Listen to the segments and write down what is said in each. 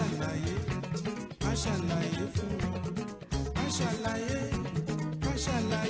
ṣàlàyé á ṣàlàyé fún wọn á ṣàlàyé á ṣàlàyé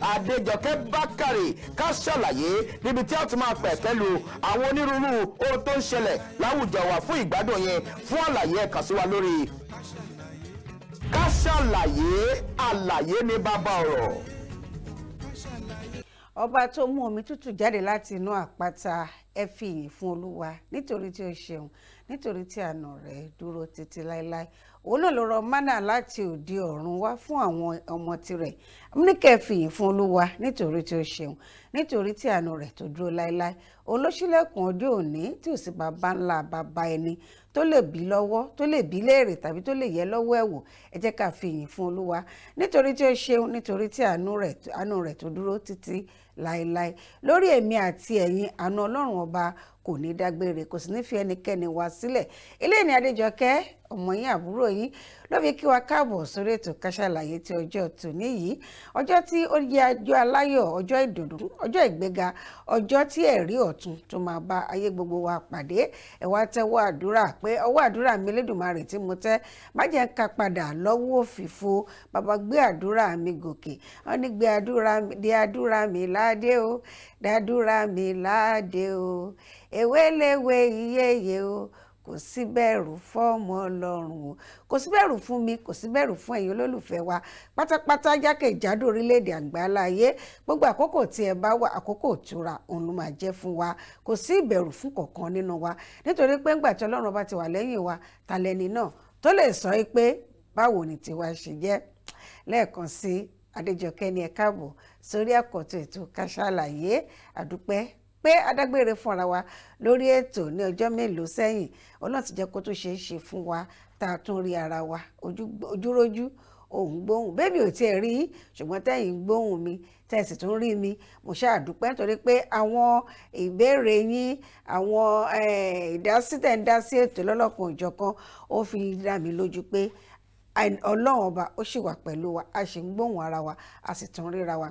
adéjọkẹ́ bákàrè ká ṣàlàyé níbi tí a ti máa pẹ̀ pẹ́lú àwọn onírúurú ohun tó ń ṣẹlẹ̀ láwùjọ wa fún ìgbádùn yẹn fún àlàyé ẹ kàn sí wa lórí ká ṣàlàyé àlàyé ní bàbá ọ̀rọ̀. ọba tó mú omi tútù jáde láti inú àpáta ẹ fi ìyìn fún olúwa nítorí tí ó ṣeun nítorí tí àánú rẹ̀ dúró títí láéláé òun náà ló rọ mánà láti òde ọ̀run wá fún àwọn ọmọ tirẹ̀ múníkẹ́ fìyìn fún olúwa nítorí tí ó ṣeun nítorí tí àánú rẹ̀ tó dúró láéláé òun ló ṣílẹ̀kùn ọdún òní tí ò sí bàbá ńlá bàbá ẹni tó lè bí lọ́wọ́ tó lè bí léèrè tàbí tó lè yẹ lọ́wọ́ ẹ̀wò ẹ jẹ́ ká fìyìn fún olúwa nítorí tí ó ṣeun nítorí tí àánú rẹ̀ tó dúró títí láéláé lórí èmi àti ẹ̀yin àánú ọlọ́run ọba kò ní dágbére kò sì ní fi ẹnikẹ́ni wá sílẹ̀ ilé ìní adéjọkẹ́ ọmọ yín àbúrò yín ló fi kí wa káàbọ̀ sórí ètò Ká Sálàyé ti ọjọ́ tòní yìí ọjọ́ tí ó yẹ ọjọ́ aláyọ̀ ọjọ́ ìdùnnú ọjọ́ ìgbéga ọjọ́ tí ẹ̀rí ọ̀tun tó máa bá ayé gbogbo wa pàdé ẹ wá tẹ́wọ́ àdúrà pé ọwọ́ àdúrà mi Elédùmarè tí mo tẹ́ má jẹ́ ká padà lọ́wọ́ òfìfo bàbá gbé àdúrà mi gòkè wọ́n ní gbé àdúrà dé àdúrà mi ládé o dàdúrà mi láàdé o èwe léwe iyeye o kò sí bẹ̀rù fọ́ọ̀mù ọlọ́run o kò sí bẹ̀rù fún mi kò sí bẹ̀rù fún ẹ̀yin olólùfẹ́ wa pátápátá jákèjádò orílẹ̀-èdè àgbáńlá ayé gbogbo àkókò tí ẹ bá wà àkókò ìtura òun ló máa jẹ́ fún wa kò sí ìbẹ̀rù fún kọ̀ọ̀kan nínú wa nítorí pé ńgbà tí ọlọ́run bá ti wà lẹ́yìn wa ta lẹni náà tó lè sọ pé báwo ni tiwa ṣe jẹ́ lẹ́ẹ̀kan sí Adéjọkẹ́ ni káàbọ̀ sórí àkọ́tún ètò Ká àdúpẹ́ pé adágbére fúnra wa lórí ètò ní ọjọ́ mélòó sẹ́yìn ọlọ́run ti jẹ́ kó tó ṣeé ṣe fún wa tá a tún rí ara wa ojúrójú òun gbóhùn bébí ò tiẹ̀ rí ṣùgbọ́n tẹ́yìn gbóhùn mi tẹ̀sí tún rí mi mo ṣáà dúpẹ́ torí pé àwọn ìbéèrè yín àwọn ìdásí tẹ̀ ń dá sí ètò lọ́lọ́kan òjọ̀kan ó fi dá mi lójú pé ọlọ́run ọba ó sì wà pẹ̀lú wa a sì ń gbóhùn ara wa a sì tún ríra wa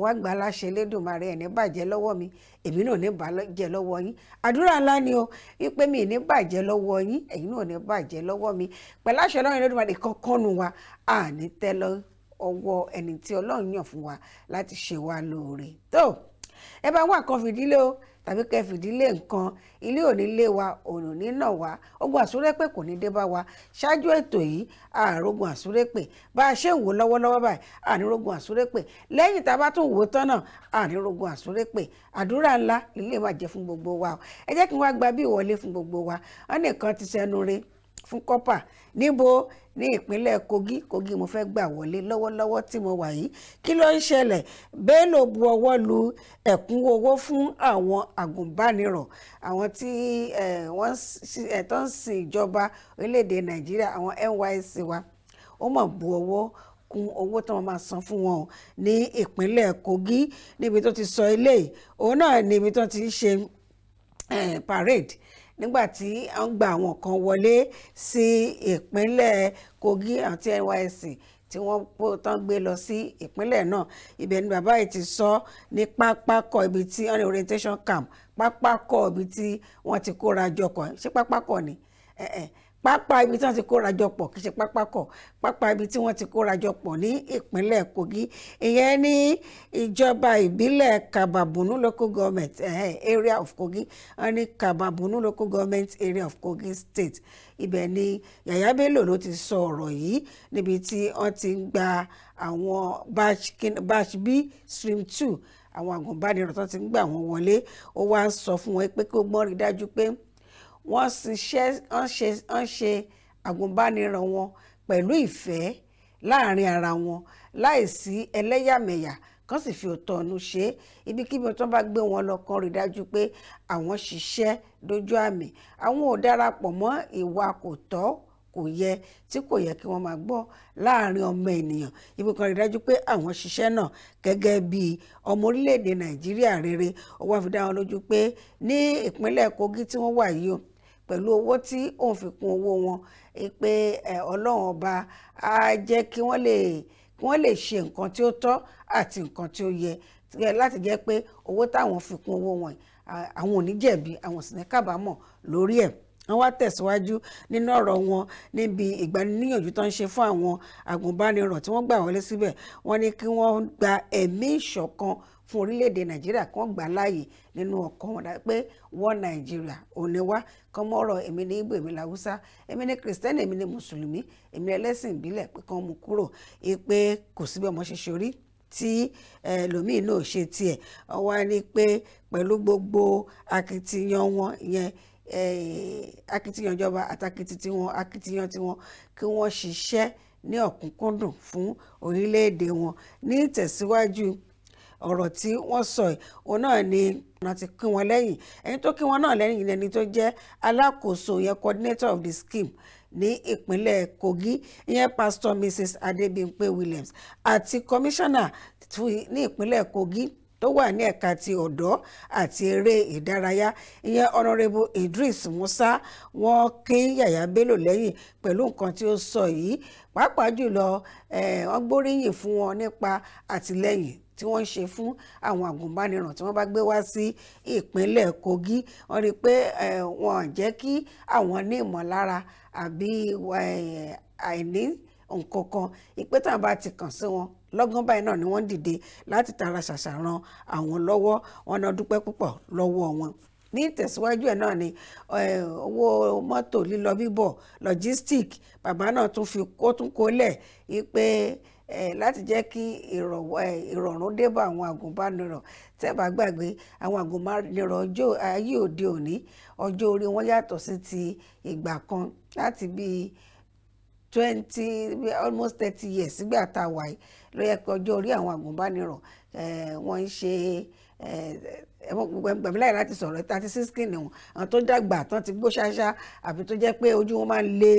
wọ́n á gbà láṣẹ Elédùmarè ẹ̀ ní bàjẹ́ lọ́wọ́ mi èmi náà ní bàjẹ́ lọ́wọ́ yín àdúrà ńlá ni o wípé mi ní bàjẹ́ lọ́wọ́ yín ẹ̀yin náà ní bàjẹ́ lọ́wọ́ mi pẹ̀lú àṣẹ Ọlọ́run Elédùmarè kankan nu wa àní tẹ́ lọ ọwọ́ ẹni tí Ọlọ́run yàn fún wa láti ṣe wa lóore tó ẹ bá wà kan fìdílé o tàbí kẹ́ fìdílé nǹkan ilé òní lé wa òrò nínà wá ogun àsúrépè kò ní dé bá wa ṣáájú ètò yìí àrògùn àsúrépè bá a ṣe ń wò lọ́wọ́lọ́wọ́ báyìí ànírógun àsúrépè lẹ́yìn tá a bá tún wò tán náà ànírógun àdúrà ńlá lílé máa jẹ́ fún gbogbo wa ẹ jẹ́ kí wọ́n gba bí ìwọlé fún gbogbo wa wọ́n nìkan ti sẹ́nu rí fún copper níbo ní ìpínlẹ̀ kogi kogi mo fẹ́ gbà wọlé lọ́wọ́lọ́wọ́ tí mo wà yìí kí ló ń ṣẹlẹ̀ bello bu ọwọ́ lu ẹ̀kúnwó owó fún àwọn agùnbánirọ̀ àwọn tí wọ́n tó ń sin ìjọba orílẹ̀-èdè nàìjíríà àwọn NYSC wa ó mọ̀ bu ọwọ́ kún owó tí wọ́n máa san fún wọn ní ìpínlẹ̀ kogi níbi tó ti sọ eléyìí òun náà níbi tó ti ń ṣe parade nígbà tí wọ́n gba àwọn kan wọlé sí ìpínlẹ̀ Kogi àti NYSC tí wọ́n tán gbé lọ sí ìpínlẹ̀ náà ibẹ̀ ni bàbá yìí ti sọ ní pápákọ̀ ibi tí wọ́n orientation camp pápákọ̀ ibi tí wọ́n ti kóra jọ kọ̀ ṣé pápákọ̀ ni. Eh, eh pápá ibi tí wọ́n ti kóra jọ pọ̀ kì í ṣe pápákọ̀ pápá ibi tí wọ́n ti kóra jọ pọ̀ ní ìpínlẹ̀ Kogi ìyẹn ní ìjọba ìbílẹ̀ Kababunu local government eh, area of Kogi wọ́n ní Kababunu local government area of Kogi state ibẹ̀ ni Yàyà Bello ló ti sọ ọ̀rọ̀ yìí níbi tí wọ́n ti ń gba àwọn batch, B stream two àwọn agùnbánirọ̀ tó ti ń gbà wọ́n wọlé ó wá sọ fún wọn pé kí ó gbọ́n rí dájú pé wọ́n ṣe àgùnbánirọ̀ wọn pẹ̀lú ìfẹ́ láàrin ara wọn láìsí ẹlẹ́yàmẹ̀yà kán sì fi òótọ́ ọ̀nù ṣe é ibikíbi tó bá gbé wọn lọ kàn rí dájú pé àwọn ṣiṣẹ́ dojú àmì àwọn ò darapọ̀ mọ́ ìwà kò tọ́ kò yẹ tí kò yẹ kí wọ́n máa gbọ́ láàrin ọmọ ènìyàn ibi kan rí dájú pé àwọn ṣiṣẹ́ náà gẹ́gẹ́ bí ọmọ orílẹ̀-èdè nàìjíríà rere ó wá fi dá wọn lójú pé ní ìpínlẹ̀ kogi tí wọ́n wà yìí o pẹ̀lú owó tí òun fi kún owó wọn pé ọlọ́run ọba á jẹ́ kí wọ́n lè kí wọ́n lè ṣe nǹkan tí ó tọ́ àti nǹkan tí ó yẹ láti jẹ́ pé owó táwọn fi kún owó wọn àwọn ò ní jẹ̀bi àwọn sì ní kábàámọ̀ lórí ẹ̀ wọ́n wá tẹ̀síwájú nínú ọ̀rọ̀ wọn níbi ìgbaniníyànjú tó ń ṣe fún àwọn agùnbánirọ̀ tí wọ́n gbà wọlé síbẹ̀ wọ́n ní kí wọ́n gba ẹ̀mí ìṣọ̀kan fún orílẹ̀-èdè nàìjíríà kan gbà láàyè nínú ọkàn wọn pé wọ́n nàìjíríà òní wá kán mọ́rọ̀ èmi ní ìgbò èmi làwúsá èmi ní kìrìsìtẹ́nì èmi ní mùsùlùmí èmi ẹlẹ́sìn ìbílẹ̀ pé kán mú kúrò pé kò síbẹ̀ mọ́ ṣe ṣorí tí ẹlòmíì náà ṣe tiẹ̀ wọ́n wá ní pé pẹ̀lú gbogbo akitiyan wọn ìyẹn Eh, akitiyan ìjọba àtàkìtì tiwọn akitiyan tiwọn kí wọ́n ṣiṣẹ́ ní ọ̀kúnkúndùn fún orílẹ̀-èdè wọn ní ìtẹ̀síwájú ọ̀rọ̀ tí wọ́n sọ ẹ̀ òun náà ni wọ́n ti kí wọn lẹ́yìn ẹni tó kí wọn náà lẹ́yìn ẹni tó jẹ́ alákòóso yẹn coordinator of the scheme ní ìpínlẹ̀ Kogi ìyẹn pastor Mrs Adebimpe Williams àti commissioner ní ìpínlẹ̀ Kogi tó wà ní ẹ̀ka ti ọ̀dọ́ àti eré ìdárayá ìyẹn ọ̀nàrẹ́bù Idris Musa wọ́n kí Yàyà Bello lẹ́yìn pẹ̀lú nǹkan tí ó sọ yìí pàápàá jùlọ wọ́n gbóríyìn fún wọn nípa àtìlẹ́yìn tí wọ́n ń ṣe fún àwọn àgùnbánirọ̀ tí wọ́n bá gbé wá sí ìpínlẹ̀ Kogi wọ́n rí i pé wọ́n jẹ́ kí àwọn ní ìmọ̀lára àbí àìní nǹkan kan ìpẹ́tàn bá ti kàn sí wọn lọ́gán báyìí náà ni wọ́n dìde láti tara ṣàṣà ran àwọn lọ́wọ́ wọn náà dúpẹ́ púpọ̀ lọ́wọ́ wọn ní ìtẹ̀síwájú ẹ̀ náà ni owó mọ́tò lílọ bíbọ̀ logistic bàbá náà tún fi kó tún kólẹ̀ pé láti jẹ́ kí ìrọ̀rùn dé bá àwọn àgùnbánirọ̀ tẹ́ bá gbàgbé àwọn àgùnbánirọ̀ ọjọ́ ayé òde òní ọjọ́ orí wọn yàtọ̀ sí ti ìgbà kan láti bíi twenty almost thirty years sígbà tá a wà yìí ló yẹ kí ọjọ́ orí àwọn àgùnbánirọ̀ wọ́n ń ṣe gbẹ̀mí láì láti sọ̀rọ̀ thirty six kìnìún wọn àwọn tó dàgbà tán ti gbó ṣáṣá àbí tó jẹ́ pé ojú wọn máa ń le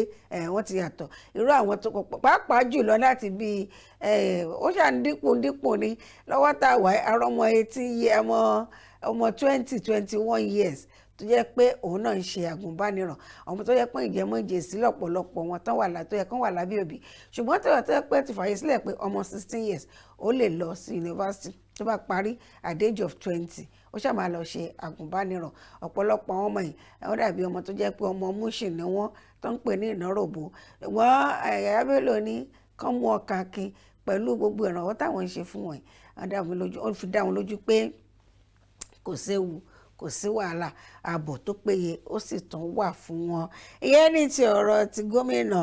wọ́n ti yàtọ̀ irú àwọn tó pàápàá jùlọ láti bí ó ṣà ń dínkù dínkù ni lọ́wọ́ tá a arọ́mọ eighteen year ọmọ twenty twenty one years tó yẹ pé òun náà ń ṣe àgùnbánirọ̀ àwọn tó yẹ pé ìjẹmọ́jẹsí lọ́pọ̀lọpọ̀ wọn tán wà tó yẹ kán wà lábẹ́ òbí ṣùgbọ́n tó yẹ tó yẹ pé ti fàyè sílẹ̀ pé ọmọ sixteen years ó lè lọ sí yunifásitì tó bá parí at the age of twenty ó ṣáà máa lọ ṣe àgùnbánirọ̀ ọ̀pọ̀lọpọ̀ àwọn ọmọ yìí wọ́n dàbí ọmọ tó jẹ́ pé ọmọ múṣì ni wọ́n tó ń pè ní ìnáròbó wọ́n Yàyà Bello ní kán mú ọkàn akin pẹ̀lú gbogbo ìrànwọ́ táwọn kò sí wàhálà ààbò tó péye ó sì tún wà fún wọn. ìyẹn ní ti ọ̀rọ̀ ti gómìnà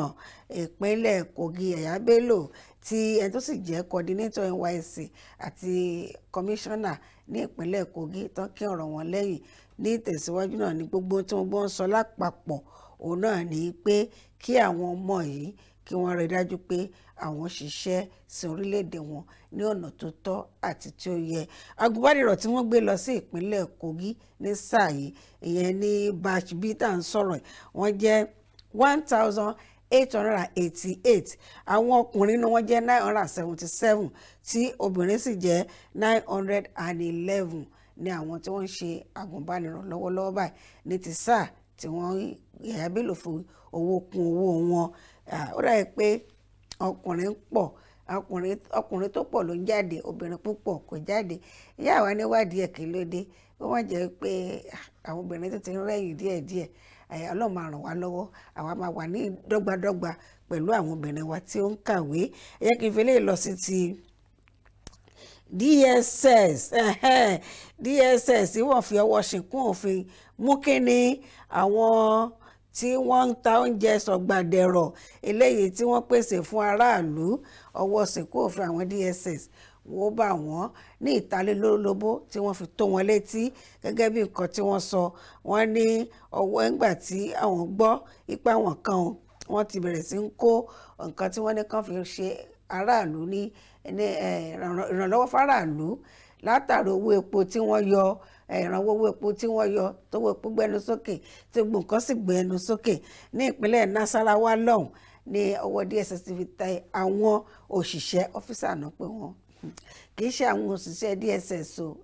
ìpínlẹ̀ Kogi Yaya Bello ti ẹni tó sì jẹ́ coordinator NYSC àti commissioner ní ìpínlẹ̀ Kogi tán kí ọ̀rọ̀ wọn lẹ́yìn ní ìtẹ̀síwájú náà ní gbogbo tí wọ́n gbọ́ ń sọ lápapọ̀ òun náà ní pé kí àwọn ọmọ yìí kí wọ́n rí dájú pé àwọn ṣiṣẹ́ sí orílẹ̀-èdè wọn ní ọ̀nà tó tọ́ àti tí ó yẹ agbábọ́dìrọ̀ tí wọ́n gbé lọ sí ìpínlẹ̀ Kogi ní sáà yìí ìyẹn ní batch b tá à ń sọ̀rọ̀ wọ́n jẹ́ one thousand eight hundred and eighty-eight àwọn ọkùnrin ni wọ́n jẹ́ nine hundred and seventy-seven tí obìnrin sì jẹ́ nine hundred and eleven ní àwọn tí wọ́n ń ṣe agùnbánirọ̀ lọ́wọ́lọ́wọ́ báyìí ní ti sáà tí wọ́n yẹ̀yà lò fún owó kún owó wọn ó dàbí pé ọkùnrin ń pọ̀ ọkùnrin tó pọ̀ ló ń jáde obìnrin púpọ̀ kò jáde ìyá àwa níwádìí ẹ̀ kí ló dé ó wọ́n jẹ́ pé àwọn obìnrin tó ti ń rẹ́yìn díẹ̀díẹ̀ ọlọ́run máa ràn wá lọ́wọ́ àwa máa wà ní dọ́gbadọ́gba pẹ̀lú àwọn obìnrin wa tí ó ń kàwé ẹ jẹ́ kí n fi lè lọ sí ti DSS DSS wọ́n fi ọwọ́ ṣìnkún òfin mú kínní àwọn tí wọ́n ń ta oúnjẹ sọ̀gbàdẹ̀rọ̀ eléyìí tí wọ́n pèsè fún aráàlú ọwọ́ sìnkú òfin àwọn DSS wó bá wọn ní ìtalélólobó tí wọ́n fi tó wọn létí gẹ́gẹ́ bí nǹkan tí wọ́n sọ wọ́n ní ọwọ́ ńgbà tí àwọn gbọ́ ipa wọn kan wọ́n ti bẹ̀rẹ̀ sí ń kó nǹkan tí wọ́n ní kàn fi ṣe aráàlú ní ìrànlọ́wọ́ fáráàlú látàrí owó epo tí wọ́n yọ ìrànwọ́ owó epo tí wọ́n yọ tówó epo gbẹnu sókè tí gbogbo nǹkan sì gbẹnu sókè ní ìpínlẹ̀ Nasarawa lọ́hùn ní ọwọ́ DSS fi ta àwọn òṣìṣẹ́ ọ́fíìsà náà pé wọ́n kì í ṣe àwọn òṣìṣẹ́ DSS o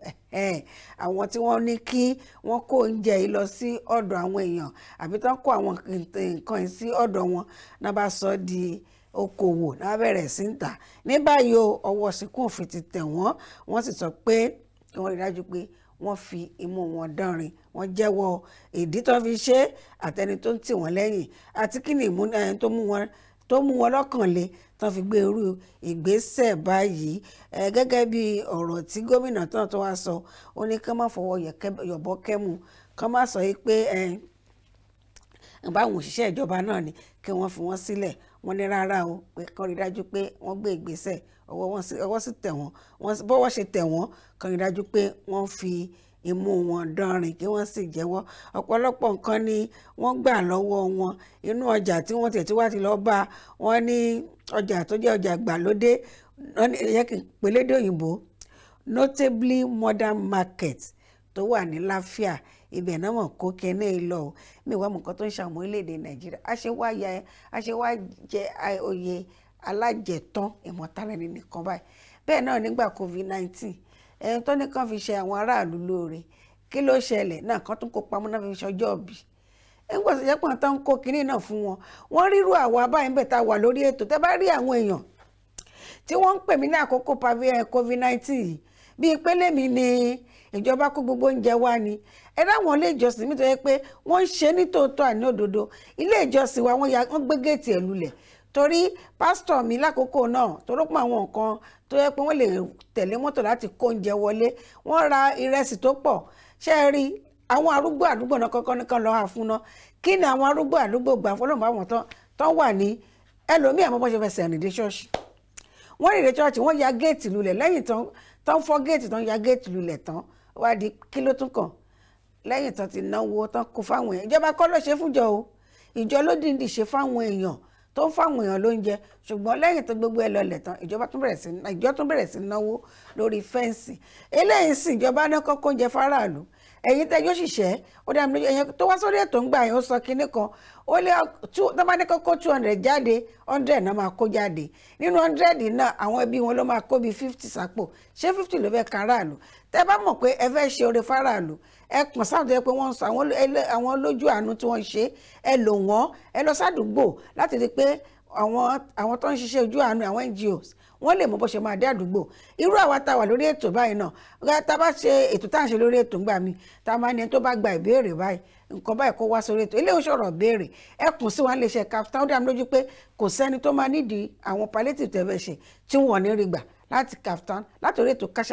àwọn tí wọ́n ní kí wọ́n kó oúnjẹ yìí lọ sí ọ̀dọ̀ àwọn èèyàn àbí tán kó àwọn nǹkan yìí sí ọ̀dọ̀ wọn náà bá sọ di okòwò náà bẹ̀rẹ̀ sí ń tà ní báyìí ọwọ́ sínkún òfin ti tẹ̀ wọ́n wọ́n sì sọ pé kí wọ́n rí dájú pé wọ́n fi imú wọn dánrin wọ́n jẹ́wọ́ ìdí tó fi ṣe àtẹni tó ń tì wọ́n lẹ́yìn àti kí ni ìmúnáyẹn tó mú wọn tó mú wọn lọ́kàn le tán fi gbé irú ìgbésẹ̀ báyìí gẹ́gẹ́ bí ọ̀rọ̀ tí gómìnà tán tó wá sọ ó ní ká má fọwọ́ yọ̀bọ kẹ́mu ká má sọ yìí pé báwọn òṣìṣẹ́ ìjọba náà ni kí wọ́n fi wọ́n sílẹ̀ wọ́n ní rárá o pé kàn rí dájú pé wọ́n gbé ìgbésẹ̀ ọwọ́ sì tẹ̀ wọ́n bọ́wọ́ ṣe tẹ̀ wọ́n kàn rí dájú pé wọ́n fi imú wọn dánrin kí wọ́n sì jẹ́wọ́ ọ̀pọ̀lọpọ̀ nǹkan ni wọ́n gbà lọ́wọ́ wọn inú ọjà tí wọ́n tẹ̀ tí wá ti lọ́ọ́ bá wọn ní ọjà tó jẹ́ ọjà gbàlódé ẹ̀yẹ́ òyìnbó notably modern market tó wà ní láfíà ibẹ̀ náà mọ̀ kó kẹ́ni lọ o mi wá mọ̀ nǹkan tó ń ṣàmú orílẹ̀-èdè nàìjíríà a ṣe wá ya a ṣe wá jẹ oyè alájẹtán ìmọ̀tara ẹni nìkan báyìí bẹ́ẹ̀ náà nígbà covid nineteen ẹni tó ní kàn fi ṣe àwọn aráàlú lóore kí ló ṣẹlẹ̀ náà kàn tún kó pamọ́ náà fi ṣọjọ́ bì nígbà tó jẹ́ pọ̀ tán kó kinní náà fún wọn wọ́n rírú àwa báyìí bẹ̀ tá wà lórí ètò tẹ́ bá rí àwọn èèyàn tí wọ́n ń pè mí ní àkókò covid nineteen bíi pé ni ìjọba kó gbogbo oúnjẹ wá ni ẹ dáwọn ilé ìjọsìn mi tó yẹ pé wọ́n ń ṣe ní tòótọ́ àní òdodo ilé ìjọsìn wa wọ́n gbé géètì ẹ̀ lulẹ̀ torí pásítọ̀ mi lákòókò náà torópọ̀ àwọn nǹkan tó yẹ pé wọ́n lè tẹ̀lé mọ́tò láti kó oúnjẹ wọlé wọ́n ra ìrẹsì tó pọ̀ ṣé ẹ rí àwọn arúgbó àdúgbò náà kọ́kọ́ nìkan lọ́ọ́ àfúnná kí ni àwọn arúgbó àdúgbò gbà fọlọ́mọ àwọn tán wà ní ẹlòmíì àmọ́ bọ́n ṣe fẹsẹ̀ wọ́n tán tán ya géètì wá di kí ló tún kàn lẹ́yìn tán ti náwó tán kó fáwọn èèyàn ìjọba kọ́ ló ṣe fúnjọ o ìjọ ló dìndì ṣe fáwọn èèyàn tó ń fáwọn èèyàn lóúnjẹ ṣùgbọ́n lẹ́yìn tó gbogbo ẹ lọlẹ̀ tán ìjọba tún bẹ̀rẹ̀ sí ìjọ tún bẹ̀rẹ̀ sí náwó lórí fẹ́ǹsì eléyìí sì ìjọba náà kọ́kọ́ oúnjẹ fáráàlú ẹ̀yin tẹ́ yóò ṣiṣẹ́ ó dá mi lójú ẹ̀yin tó wá sórí ètò ń gbà yẹn ó sọ kinní kan ó lé tó bá ní kókó two hundred jáde hundred náà máa kó jáde nínú hundred náà àwọn ẹbí wọn ló máa kó bíi fifty sápò ṣé fifty ló fẹ́ kan aráàlú tẹ́ bá mọ̀ pé ẹ fẹ́ ṣe oore fáráàlú ẹ pọ̀n sáà tó yẹ pé wọ́n ń sọ àwọn lójú àánú tí wọ́n ń ṣe ẹ lò wọ́n ẹ lọ sádùúgbò láti rí pé àwọn tó ń ṣiṣẹ́ ojú àánú àwọn NGOs wọ́n lè mọ bó ṣe máa dé àdúgbò irú àwa tá a wà lórí ètò báyìí náà tá a bá ṣe ètò tá à ń ṣe lórí ètò ńgbà mi tá a máa ní ẹni tó bá gba ìbéèrè báyìí nǹkan báyìí kó wá sórí ètò eléyìí sọ̀rọ̀ béèrè ẹ kùn sí wa lè ṣe Kaftan ó dá lójú pé kò sẹ́ni tó máa nídìí àwọn palliative tẹ̀fẹ̀ ṣe tí wọ́n ní rí gbà láti Kaftan láti orí ètò Ká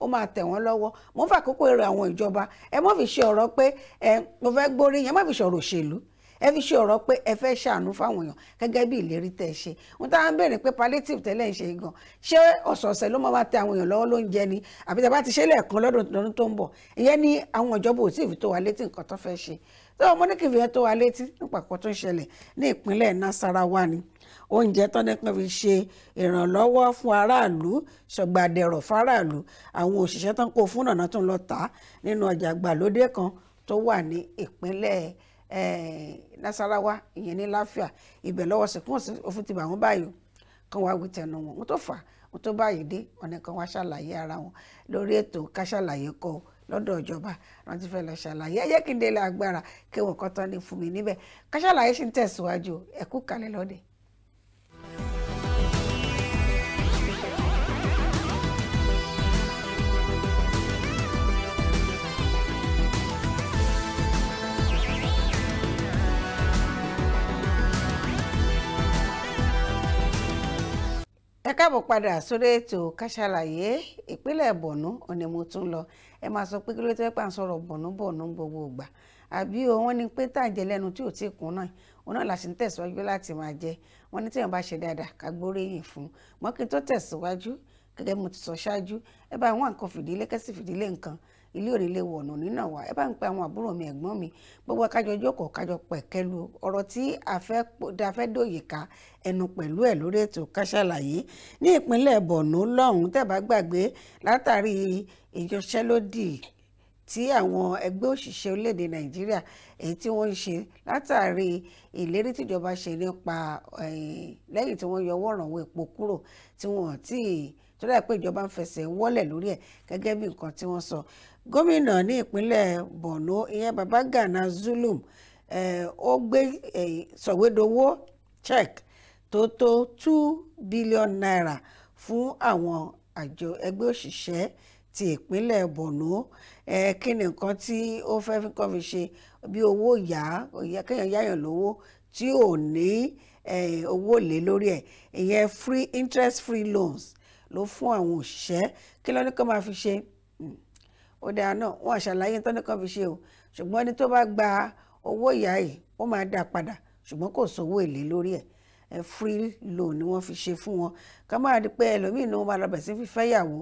ó máa tẹ̀ wọ́n lọ́wọ́ mo fà kókó èrò àwọn ìjọba ẹ má fi ṣe ọ̀rọ̀ pé ẹ mo fẹ́ gbórí yẹn má fi ṣọ̀rọ̀ òṣèlú ẹ fi ṣe ọ̀rọ̀ pé ẹ fẹ́ ṣàánú fáwọn èèyàn gẹ́gẹ́ bí ìlérí tẹ̀ ṣe wọn táwọn ń béèrè pé palliative tẹ́lẹ̀ ń ṣe gan ṣé ọ̀sọ̀ọ̀sẹ̀ ló máa tẹ àwọn èèyàn lọ́wọ́ ló ń jẹ ni àbí tẹ́ bá ti ṣe lẹ́ẹ̀kan lọ́dún tó ń bọ̀ ìyẹn ni àwọn ìjọba ò tí ì fi tó wa létí nǹkan tó fẹ́ ṣe tó ọmọ ní kìfìyẹ tó wa létí nípa kan tó ń ṣẹlẹ̀ ní ìpínlẹ̀ Nasarawa ni oúnjẹ tó ní kan fi ṣe ìrànlọ́wọ́ fún aráàlú ṣọ̀gbàdẹ̀rọ̀ fáráàlú àwọn òṣìṣẹ́ tó ń kó fún ọ̀nà tó ń lọ tà nínú ọjà gbàlódé kan tó wà ní ìpínlẹ̀ Eh, nasarawa ìyẹn ní láfíà ibẹ̀ lọ́wọ́ sìnkún òfin ti bà wọ́n báyìí kan wá wí tẹnu wọn wọn tó fà wọn tó báyìí dé ọ̀nà kan wá ṣàlàyé ara wọn lórí ètò ká ṣàlàyé kọ lọ́dọ̀ ìjọba wọn ti fẹ́ lọ ṣàlàyé ẹ jẹ́ kí n délé agbára kí wọn kọ́ tán ní fún mi níbẹ̀ ká ṣàlàyé sì ń tẹ̀síwájú ẹ̀kú kalẹ̀ lọ́dẹ̀. ẹ káàbọ̀ padà sórí ètò Ká Sálàyé ìpínlẹ̀ Borno òní mo tún lọ ẹ máa sọ pé kí ló tẹ́ pà ń sọ̀rọ̀ Borno Borno gbogbo ìgbà àbí o wọ́n ní pé tàǹjẹ lẹ́nu tí ò tí kún náà òun náà la sì ń tẹ̀síwájú láti máa jẹ wọ́n ní tíyẹn bá ṣe dáadáa ká gbóríyìn fún mọ́ tó tẹ̀síwájú gẹ́gẹ́ mo ti sọ ṣáájú ẹ bá wọn nǹkan fìdílé kẹ́sì fìdílé nǹkan ilé òní lè wọ̀nà nínà wá ẹ bá ń pe àwọn àbúrò mi ẹ̀gbọ́n mi gbogbo kájọ jókòó kájọ pẹ̀kẹ́lu ọ̀rọ̀ tí a fẹ́ dòye ká ẹnu pẹ̀lú ẹ̀ lórí ètò ká ṣàlàyé ní ìpínlẹ̀ Borno lọ́hùn-ún tẹ̀bá gbàgbé látàrí ìjọṣẹ́lódì tí àwọn ẹgbẹ́ òṣìṣẹ́ orílẹ̀-èdè Nàìjíríà èyí tí wọ́n ń ṣe látàrí ìlérí tíjọba ṣe nípa lẹ́yìn tí wọ́n yọwọ́ ìrànwọ́ epo kúrò tí wọ́n ti tó dáa pé ìjọba ń fẹsẹ̀ wọ́lẹ̀ lórí ẹ̀ gẹ́gẹ́ bí nǹkan tí wọ́n sọ gómìnà ní ìpínlẹ̀ Borno ìyẹn Babagana Zulum eh, ó gbé eh, sọ̀wédowó check tó tó two billion naira fún àwọn àjọ ẹgbẹ́ òṣìṣẹ́ ti ìpínlẹ̀ Borno eh, kí ni nǹkan tí ó fẹ́ fi kọ́ fi ṣe bí owó yá kéèyàn yáyàn lówó tí ò ní owó lé lórí ẹ̀ ìyẹn free interest free loans ló fún àwọn òṣìṣẹ́ kí ló ní máa fi ṣe ó dáa náà wọ́n àṣàlàyé tó nìkan fi ṣe o ṣùgbọ́n ẹni tó bá gba owó ìyá yìí ó máa dá padà ṣùgbọ́n kò sówó èlé lórí ẹ̀ ẹ free loan ni wọ́n fi ṣe fún wọn ká máa di pé ẹlòmíì ni wọ́n máa rabẹ̀ sí fífẹ́ yàwó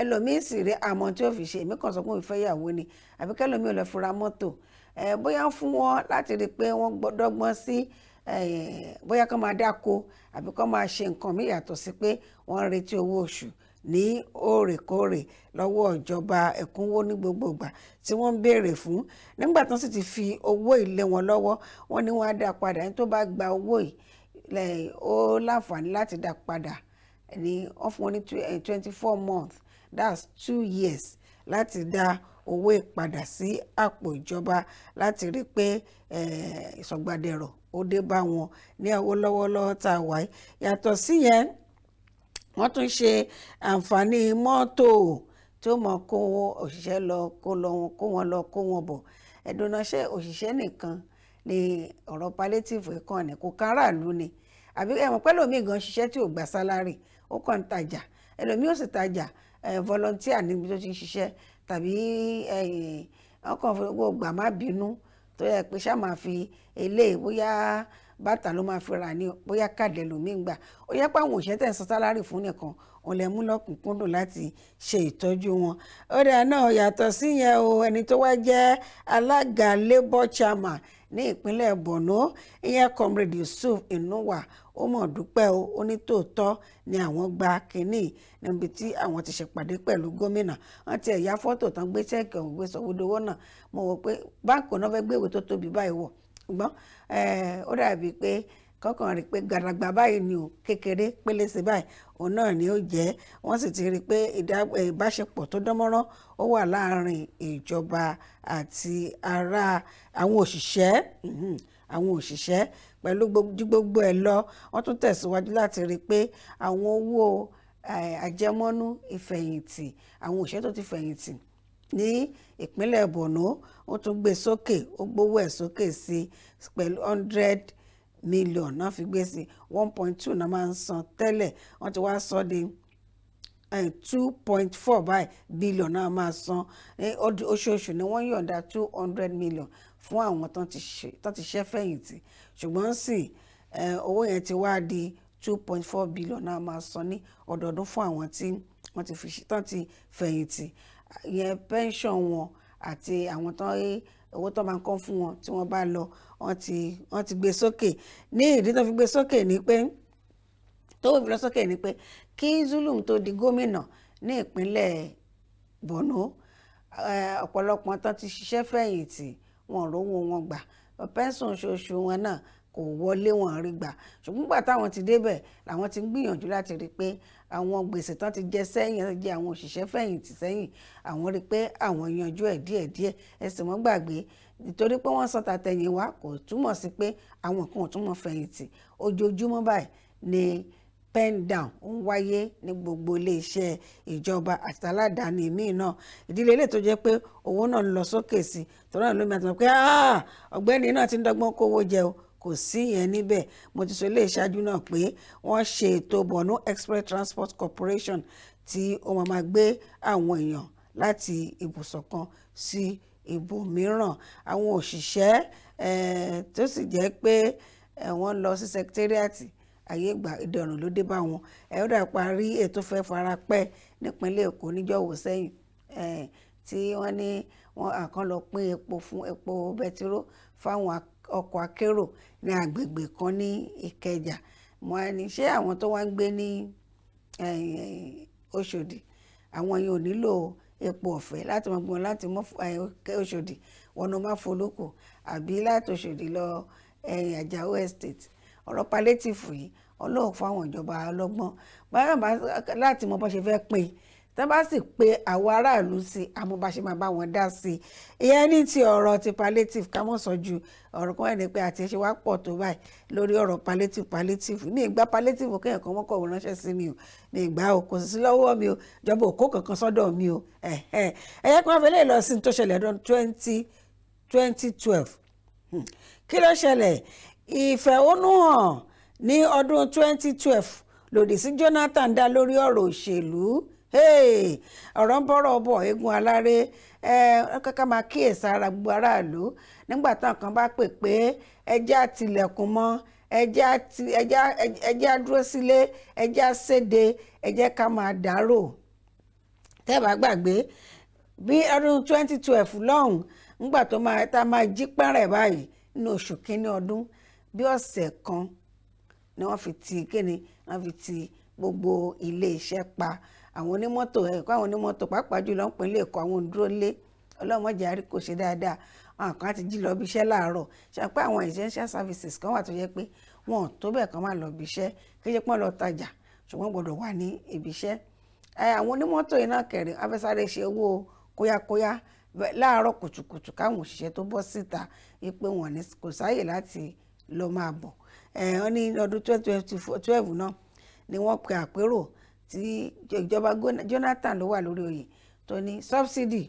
ẹlòmíì sì rí àmọ́ tí ó fi ṣe èmi kàn sọ pé òun fẹ́ yàwó ni àbí kẹlòmíì ò lọ fi ra mọ́tò bóyá ń fún wọn láti rí i pé wọ́n dọ́gbọ́n sí bóyá kán máa dáko àbí kán máa ṣe nǹkan míì yàtọ̀ sí pé wọ́n ń retí owó oṣù ní òrèkóòrè lọ́wọ́ ìjọba ẹ̀kúnwó ní gbogbo ìgbà tí wọ́n ń béèrè fún nígbà tán sì ti fi owó ìlé wọn lọ́wọ́ wọn ni wọ́n á dá padà ẹni tó bá gba owó yìí ó láǹfààní láti dá padà ní wọ́n fún wọn ní eh, twenty four months that's two years láti dá owó ìpadà sí àpò ìjọba láti rí pé eh, ìsọ̀gbàdẹ̀rọ̀ ó dé bá wọn ní owó lọ́wọ́lọ́wọ́ tá a wáyé yàtọ̀ síyẹn. Si wọ́n tún ṣe àǹfààní mọ́tò tí ó mọ̀ kó òṣìṣẹ́ lọ kó wọn lọ kó wọn bọ̀ ẹ̀dùnà òṣìṣẹ́ nìkan ni ọ̀rọ̀ palliative kan ní kò káràlú ni àbí ẹ̀wọ̀n pẹ́lòmíì gan ṣiṣẹ́ tí ò gba sálárì ó kàn ń tajà ẹlòmíì ò sì tajà volunteer níbi tó ti ń ṣiṣẹ́ tàbí ọkàn fún gbogbo gbà má bínú tó yẹ pé ṣáà máa fi eléyìí bóyá bàtà ló máa fi rà ní bóyá káàdì ẹlòmíín gbà ó yẹ pé àwọn òṣìṣẹ́ tẹ̀ ń san sálárì fún nìkan òun lè mú lọ́kùnkúndùn láti ṣe ìtọ́jú wọn. ó náà yàtọ̀ síyẹn o ẹni tó wá jẹ́ alága labour chairman ní ìpínlẹ̀ Borno ìyẹn comrade Yusuf Inuwa ó mọ̀ dúpẹ́ o ó ní tòótọ́ ni àwọn gba kínní níbi tí àwọn ti ṣèpàdé pẹ̀lú gómìnà wọn ti ẹ̀yà fọ́tò tán gbé sẹ́ẹ̀kì ọ̀hún gbé sọ́wọ́dowó náà mo wò pé báńkì náà fẹ́ gbé ìwé tó tóbi báyìí wọ̀ ṣùgbọ́n eh, ó dàbí pé kọ́kàn rí i pé gàràgbà báyìí ni ò kékeré pélésì báyìí òun náà ni ó jẹ́ wọ́n sì ti rí i pé eh, ìbáṣepọ̀ tó dánmọ́rán ó wà láàárín ìjọba àti ara àwọn òṣìṣẹ́ mhm, àwọn òṣìṣẹ́ pẹ̀lú ju gbogbo ẹ̀ lọ wọ́n tún tẹ̀síwájú láti rí i pé àwọn owó àjẹmọ́nú eh, ìfẹ̀yìntì àwọn òṣìṣẹ́ tó ti fẹ̀yìntì ní ìpínlẹ̀ Borno ó tún gbé sókè ó gbówó ẹ̀ sókè sí pẹ̀lú hundred million náà fi gbé sí one point two náà máa ń san tẹ́lẹ̀ wọ́n ti wá sọ di two point four báyìí billion náà máa san oṣooṣù ni wọ́n yọ̀ǹda two hundred million fún àwọn tó ti ṣẹ́ fẹ̀yìntì ṣùgbọ́n sì owó yẹn ti wá di two point four billion náà máa san ní ọdọọdún fún àwọn tí wọ́n ti fẹ̀yìntì yẹn pension wọn àti àwọn tán owó tó máa ń kọ́ fún wọn tí wọ́n bá lọ wọ́n ti wọ́n ti gbé sókè ní ìdí tó fi gbé sókè ni pé tó wọ́n fi lọ sókè ni pé kí Zulum tó di gómìnà ní ìpínlẹ̀ Borno eh, ọ̀pọ̀lọpọ̀ tán ti ṣiṣẹ́ fẹ̀yìntì wọn rówó wọn gbà pẹ́ńsùn oṣooṣù wọn náà kò wọlé wọn rí gbà ṣùgbọ́n gbà táwọn ti débẹ̀ làwọn ti ń gbìyànjú láti rí i pé àwọn gbèsè tán ti jẹ sẹ́yìn jẹ àwọn òṣìṣẹ́ fẹ̀yìntì sẹ́yìn àwọn rí i pé àwọn yanjú ẹ̀ díẹ̀díẹ̀ ẹ sì mọ́ gbàgbé nítorí pé wọ́n sọ tàtẹ̀yìn wá kò túmọ̀ sí pé àwọn kan ò túmọ̀ fẹ̀yìntì ojoojúmọ́ báyìí ni pen down ń wáyé ní gbogbo iléeṣẹ́ ìjọba àtàládàáni míì náà ìdílé ilé tó jẹ́ pé owó náà ń lọ sókè sí i tọ́lá ló mẹ́ta pé ọ̀gbẹ́ni náà ti ń dọ́gbọ́n kówó jẹ o kò sí yẹn níbẹ̀ mo ti sọ ilé ìṣáájú náà pé wọ́n ṣe ètò Borno Express Transport Corporation tí ó máa ma gbé àwọn èèyàn láti ibùsọ̀ kan sí ibòmíràn àwọn òṣìṣẹ́ tó sì jẹ́ pé wọ́n lọ sí sẹkítẹ́rìàtì àyè ìgbà ìdẹ̀rùn ló dé bá wọn ẹ̀rọ àparí ètò fẹ́ fara pẹ́ nípínlẹ̀ Èkó níjọ́wọ́ sẹ́yìn tí wọ́n ní wọn àkànlọ pín epo fún epo bẹtiró fáwọn ọkọ̀ akérò ní agbègbè kan ní Ìkẹjà mo á ní ṣé àwọn tó wá ń gbé ní Òṣòdì eh, àwọn yìí ò nílò epo ọ̀fẹ́ láti mọ gbọ́n láti mọ Òṣòdì eh, wọnú máfolókò àbí láti Òṣòdì lọ eh, Àjàó estate ọ̀rọ̀ palétìfù yìí ọlọ́run àwọn ìjọba ọlọ́gbọ́n láti mọ bó ṣe fẹ́ pín tán bá sì pe àwọn aráàlú sí amúbaṣe máa bá wọn dá sí i ìyẹn ní ti ọ̀rọ̀ ti palliative ká mọ̀ sọ ju ọ̀rọ̀ kan ẹni pé àti ẹṣẹ wa pọ̀ tó báyìí lórí ọ̀rọ̀ palliative palliative mi ìgbà palliative kéèyàn kan wọ́n kọ̀wé ránṣẹ́ sí mi o mi ìgbà o kò sí lọ́wọ́ mi o ìjọba òkó kankan sọ́dọ̀ mi o ẹ̀yẹ kí wọ́n lọ sí tó ṣẹlẹ̀ ọdún twenty twenty twelve hmm. kí ló ṣẹlẹ̀ ìfẹ̀hónúhàn ní ọdún twenty twelve lòdì sí Jonathan dá lórí ọ̀rọ̀ ọ̀rọ̀ ń bọ̀rọ̀ bọ̀ eégún aláré kankan máa kíyèsí ara gbogbo aráàlú nígbà táwọn kan bá pè pé ẹjẹ́ àtìlẹ̀kùn mọ́ ẹjẹ́ àdúró sílé ẹjẹ́ àṣèdè ẹjẹ́ ká máa dárò tẹ́ẹ̀bá gbàgbé bí ọdún 2012 lọ́hùn nígbà tó máa tá a máa jí pẹ́rẹ̀ báyìí nínú oṣù kínní ọdún bí ọ̀sẹ̀ kan ni wọ́n fi ti kíni wọ́n fi ti gbogbo ilé pa àwọn onímọ́tò ẹ̀kọ́ àwọn onímọ́tò pàápàá jùlọ ń pín ilé ẹ̀kọ́ àwọn òǹdúró lé ọlọ́mọdé àrí kò ṣe dáadáa àwọn kan ti jí lọ bí iṣẹ́ láàárọ̀ ṣe pé àwọn essential services kan wà tó yẹ pé wọn ò tó bẹ́ẹ̀ kan máa lọ bí iṣẹ́ kéjẹ́ pọ́n lọ tajà ṣùgbọ́n gbọ́dọ̀ wà ní ibi iṣẹ́ àwọn onímọ́tò iná kẹrin afẹ́sáré ṣe owó kóyákóyá láàárọ̀ kùtùkùtù káwọn òṣìṣẹ́ tó bọ́ síta wípé wọn kò sáàyè láti lọ máa bọ̀ wọ́n ní ọdún twenty twelve náà ni wọ́n pe àpérò tí ìjọba Jonathan ló wà lórí oyè tó ní subsidy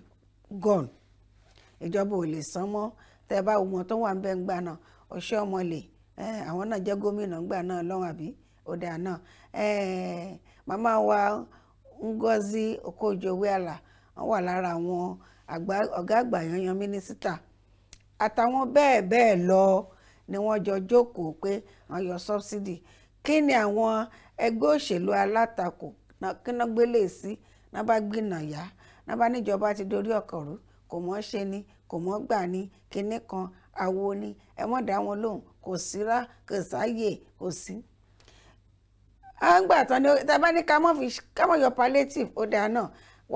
gone ìjọba ò lè san mọ́ tẹ́ ẹ bá wọn tó wà ń bẹ́ ń gbà náà ọ̀ṣẹ́ ọmọlè àwọn náà jẹ́ gómìnà ńgbà náà lọ́wọ́n àbí ọ̀dà náà màmá wa Ngozi Okonjo-Iweala wọ́n wà lára àwọn ọ̀gá àgbà yanyan mínísítà àtàwọn bẹ́ẹ̀ bẹ́ẹ̀ lọ ni wọ́n jọ jókòó pé wọ́n yọ subsidy kí ni àwọn ẹgbẹ́ òṣèlú alátakò kíná gbélé e sí ná bá gbìnà yá ná bá níjọba ti dorí ọ̀kọ̀rú kò mọ́ ṣe ni kò mọ́ gbà ni kinní kan àwo ni ẹ mọ̀ dá wọn lóhùn kò síra kò sáàyè kò sí. à ń gbà tán ni tá a bá ní ká mọ̀ fi ká mọ̀ yọ palliative ó dáa náà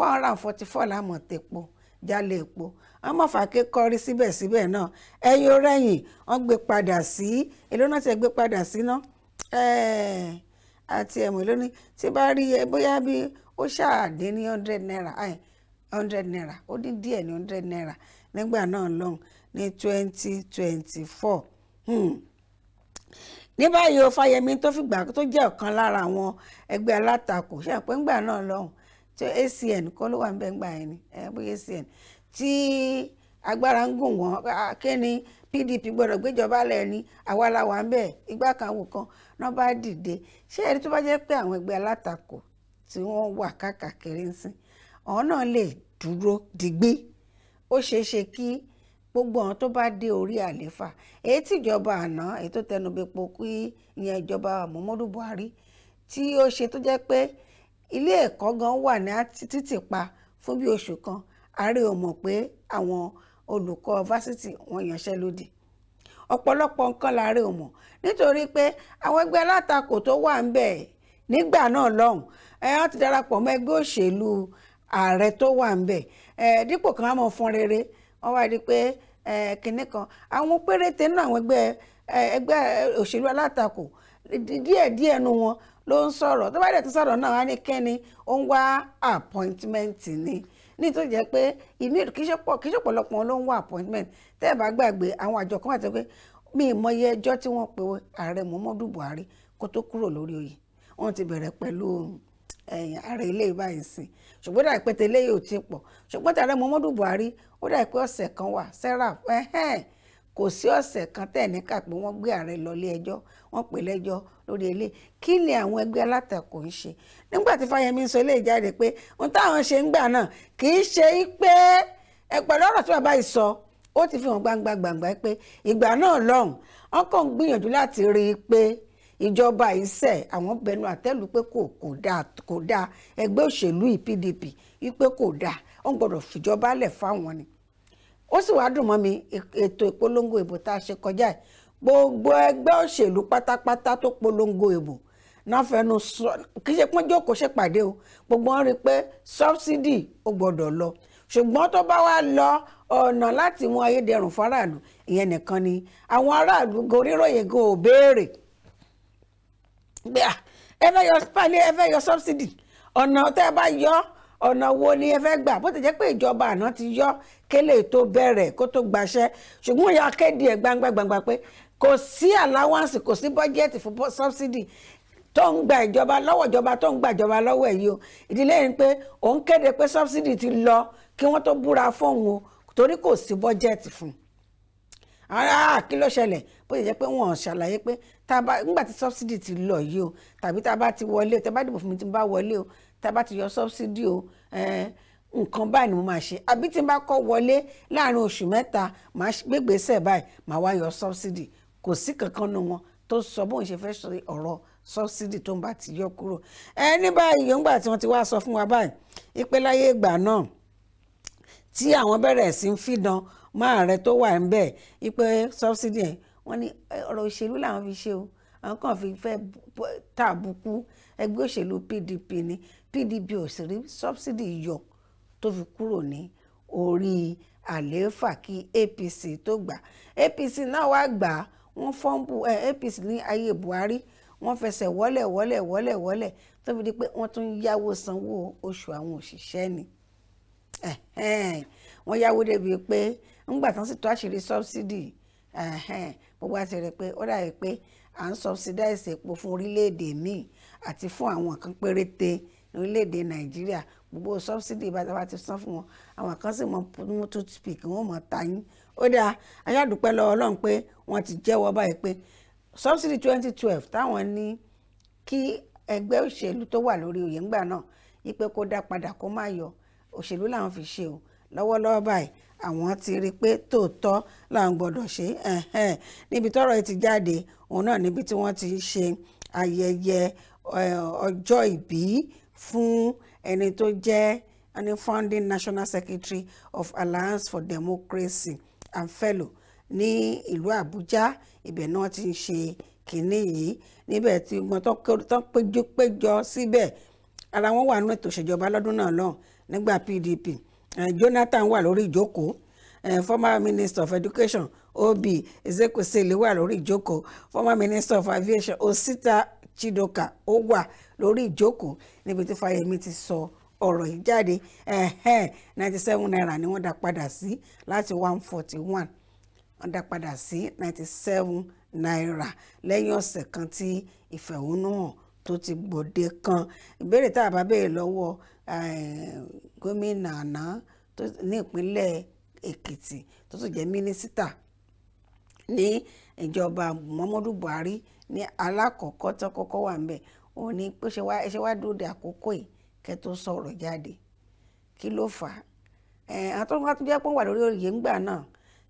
one hundred and forty four lámọ̀ tepo jálè epo wọ́n mọ̀ fàáké kọrí síbẹ̀síbẹ̀ náà ẹ̀yìn orẹ́yìn wọ́n gbé padà sí èló náà ti gbé padà sí náà àti ẹ̀mọ́ lónìí tí bá rí ẹ bóyá bí ó ṣàdé ní hundred naira ẹ hundred naira ó dín díẹ̀ ní hundred naira nígbà náà lọ́hùn ní twenty twenty four hmm. ní báyìí o Fáyẹmí tó fìgbà tó jẹ́ ọ̀kan lára àwọn ẹgbẹ́ alátakò ṣàpẹ́ ńgbà náà lọ́hùn tí ACN kọ́ ló wà ń bẹ́ ńgbà yẹn ni ẹgbẹ́ ACN tí agbára ń gùn wọ́n kí ni PDP gbọ́dọ̀ gbéjọba lẹ́ni àwa la wà ń bẹ̀ igbá kan wò kan náà bá dìde ṣé ẹni tó bá jẹ́ pé àwọn ẹgbẹ́ alátakò tí wọ́n wà káàkiri ń sìn àwọn náà lè dúró digbí ó ṣeé ṣe kí gbogbo àwọn tó bá dé orí àléfà èyí tí ìjọba àná èyí tó tẹnubẹpo kí ìyẹn ìjọba Muhammadu Buhari tí ó ṣe tó jẹ́ pé ilé ẹ̀kọ́ gan wà ní títì pa fún bí oṣù kan àárẹ̀ ò mọ̀ pé àwọn olùkọ́ fásitì wọ́n yanṣẹ́lódì ọ̀pọ̀lọpọ̀ nǹkan láàrin ò mọ̀ nítorí pé àwọn ẹgbẹ́ alátakò tó wà ń bẹ̀ nígbà náà lọ́hùn ẹ̀ wọ́n ti darapọ̀ mọ́ ẹgbẹ́ òṣèlú ààrẹ tó wà ń bẹ̀ ẹ̀ dípò kan á mọ̀ fún rere wọ́n wá rí i pé kinní kan àwọn péréte nínú àwọn ẹgbẹ́ ẹgbẹ́ òṣèlú alátakò díẹ̀díẹ̀ nu wọn ló ń sọ̀rọ̀ tó bá dẹ̀ tó sọ̀rọ̀ náà wá ní kẹ́ni ó ń wá appointment ni nítorí jẹ́ pé ìmí kì í ṣe pọ̀ kì í ṣe pọ̀lọpọ̀ ló ń wá appointment tẹ́ ẹ̀ bá gbàgbé àwọn àjọ kan àti pé mi ìmọye ẹjọ́ tí wọ́n pe ààrẹ Muhammadu Buhari kó tó kúrò lórí oyè wọ́n ti bẹ̀rẹ̀ pẹ̀lú eh, ààrẹ ilé ìbáyìí sìn ṣùgbọ́n dà pé tẹ́lẹ̀ yóò ti pọ̀ ṣùgbọ́n tààrẹ Muhammadu Buhari ó dà pé ọ̀sẹ̀ kan wà sarah kò sí ọ̀sẹ̀ kan tẹ̀ ní kà pé wọ́n gbé ààrẹ lọ ilé ẹjọ́ wọ́n pè lẹ́jọ́ lórí ilé kí ni àwọn ẹgbẹ́ alátakò ń ṣe nígbà tí Fáyẹmí sọ ilé ìjáde pé ohun táwọn ṣe ń gbà náà kì í ṣe pé ẹ pẹ̀lú ọ̀rọ̀ tí bàbá yìí sọ ó ti fi hàn gbangba gbangba pé ìgbà náà lọ́hùn wọn kàn ń gbìyànjú láti rí i pé ìjọba yìí ṣe àwọn bẹnu àtẹ́lù pé kò kò dáa kò dáa ẹgbẹ́ òṣèlú PDP wípé kò dáa wọn gbọ́dọ̀ fìjọba lẹ̀ fáwọn ni ó sì wáá dùn mọ́ mi ètò ìpolongo ìbò tá a ṣe kọjá yìí gbogbo ẹgbẹ́ òṣèlú pátápátá tó polongo ìbò náà fẹnu sọ kì í ṣe pọ́njọ́ kò ṣe pàdé o gbogbo wọn rí i pé sọ́bsidì ó gbọ́dọ̀ lọ ṣùgbọ́n tó bá wá lọ ọ̀nà láti mú ayédẹrùn faraàlú ìyẹn nìkan ni àwọn aráàlú goríròyìn gan ò béèrè ah, ẹ fẹ́ yọ pálí ẹ fẹ́ yọ sọ́bsidì ọ̀nà tẹ́ ẹ bá yọ ọ̀nà wo ni ẹ fẹ́ gbà bó ti jẹ́ pé ìjọba àná ti yọ kélé tó bẹ̀rẹ̀ kó tó gbaṣẹ́ ṣùgbọ́n ìyá kéde ẹ̀ gbangba gbangba pé kò sí allowance kò sí bọ́jẹ́ẹ̀tì fún subsidy tó ń gba ìjọba lọ́wọ́ ìjọba tó ń gba ìjọba lọ́wọ́ ẹ̀ yìí o ìdílé yìí pé òun kéde pé subsidy ti lọ kí wọ́n tó búra fóun o torí kò sí bọ́jẹ́ẹ̀tì fún un ara kí ló ṣẹlẹ̀ bó ṣe jẹ́ pé wọ́n ṣàlàyé pé nígbà tí subsidy ti lọ yìí o tàbí tá ti wọlé o tá a bá dìbò fún mi tí bá wọlé o tá a bá ti yọ subsidy o nǹkan báyìí ni mo máa ṣe àbí tí n bá kọ́ wọlé láàrin oṣù mẹ́ta màá gbégbèsè báyìí màá wá yọ subsidy kò sí kankan nu wọn tó sọ bóun ṣe fẹ́ sọ ọ̀rọ̀ sọ́bsidì tó ń bá ti yọ kúrò ẹ ní báyìí yòǹgbà tí wọ́n ti wá sọ fún wa báyìí ìpẹ́láyé ìgbà náà tí àwọn bẹ̀rẹ̀ sí ń fìdán máa rẹ tó wà ń bẹ̀ ìpẹ́ sọ́bsidì yẹn wọ́n ní ọ̀rọ̀ òṣèlú làwọn fi ṣe o àwọn kan fi fẹ́ tàbùkù ẹgbẹ́ òṣèlú PDP ni PDP ò sì rí sọ́bsidì yọ tó fi kúrò ní orí àlééfà kí APC tó gbà APC náà wá gbà á wọ́n fọ́ǹbù eh, APC ní ayé Buhari wọ́n fẹsẹ̀ wọ́lẹ̀ wọ́lẹ̀ wọ́lẹ̀ wọ́lẹ̀ tó fi di pé wọ́n tún yáwó sanwó oṣù àwọn òṣìṣẹ́ ni wọ́n yáwó débi pé ńgbà tán sì tó àṣírí subsidy gbogbo àti rẹ̀ pé ó dàbí pé à ń subsidize epo fún orílẹ̀-èdè míì àti fún àwọn kan péréte orílẹ̀-èdè nàìjíríà gbogbo sọ́bsidì bàtàbà ti san fún wọn àwọn kan sì mọ mú toothpick wọn mọ tayín ó dáa ayádùpẹ́ lọ́wọ́ ọlọ́run pé wọ́n ti jẹ́wọ́ báyìí pé subsidy twenty twelve táwọn ní kí ẹgbẹ́ òṣèlú tó wà lórí oyè ńgbà náà yí pé kó dá padà kó má yọ òṣèlú làwọn fi ṣe o lọ́wọ́lọ́wọ́ báyìí àwọn ti rí i pé tòótọ́ làwọn gbọ́dọ̀ ṣe níbi tọ́rọ̀ ẹ ti jáde òun náà níbi tí wọ́n ti ń ṣe ayẹyẹ ọjọ́ ìbí fún ẹni tó jẹ́ ẹni founding national secretary of alliance for democracy and fellow ní ìlú abuja ibẹ̀ náà ti ń ṣe kínní yìí níbẹ̀ tí wọ́n tán péjọ síbẹ̀ ara wọn wà nínú ètò ìṣèjọba lọ́dún náà lọ́hùn nígbà PDP Jonathan wà lórí ìjókòó former minister of education Obi Ezekwesili wà lórí ìjókòó former minister of aviation Osita Chidoka ó wà lórí ìjókòó níbi tí Fáyemí ti sọ ọ̀rọ̀ yìí jáde ninety seven naira ni wọ́n dá padà sí láti one forty one wọ́n dá padà sí ninety seven naira. lẹ́yìn ọ̀sẹ̀ kan tí ìfẹ̀hónúhàn tó ti gbòde kan ìbéèrè tá a bá béèrè lọ́wọ́ eh, gómìnà àná ní ìpínlẹ̀ Èkìtì tó tún jẹ́ mínísítà ní ìjọba Muhammadu Buhari ní alákọ̀ọ́kọ́ tó kọ́kọ́ wà ń bẹ̀ ó ní pé ṣe wá dúró de àkókò yìí kẹ́ tó sọ̀rọ̀ jáde kí ló fà á eh, àtọ́gbọ́n tó jẹ́ pọ́n wà lórí òye ńgbà náà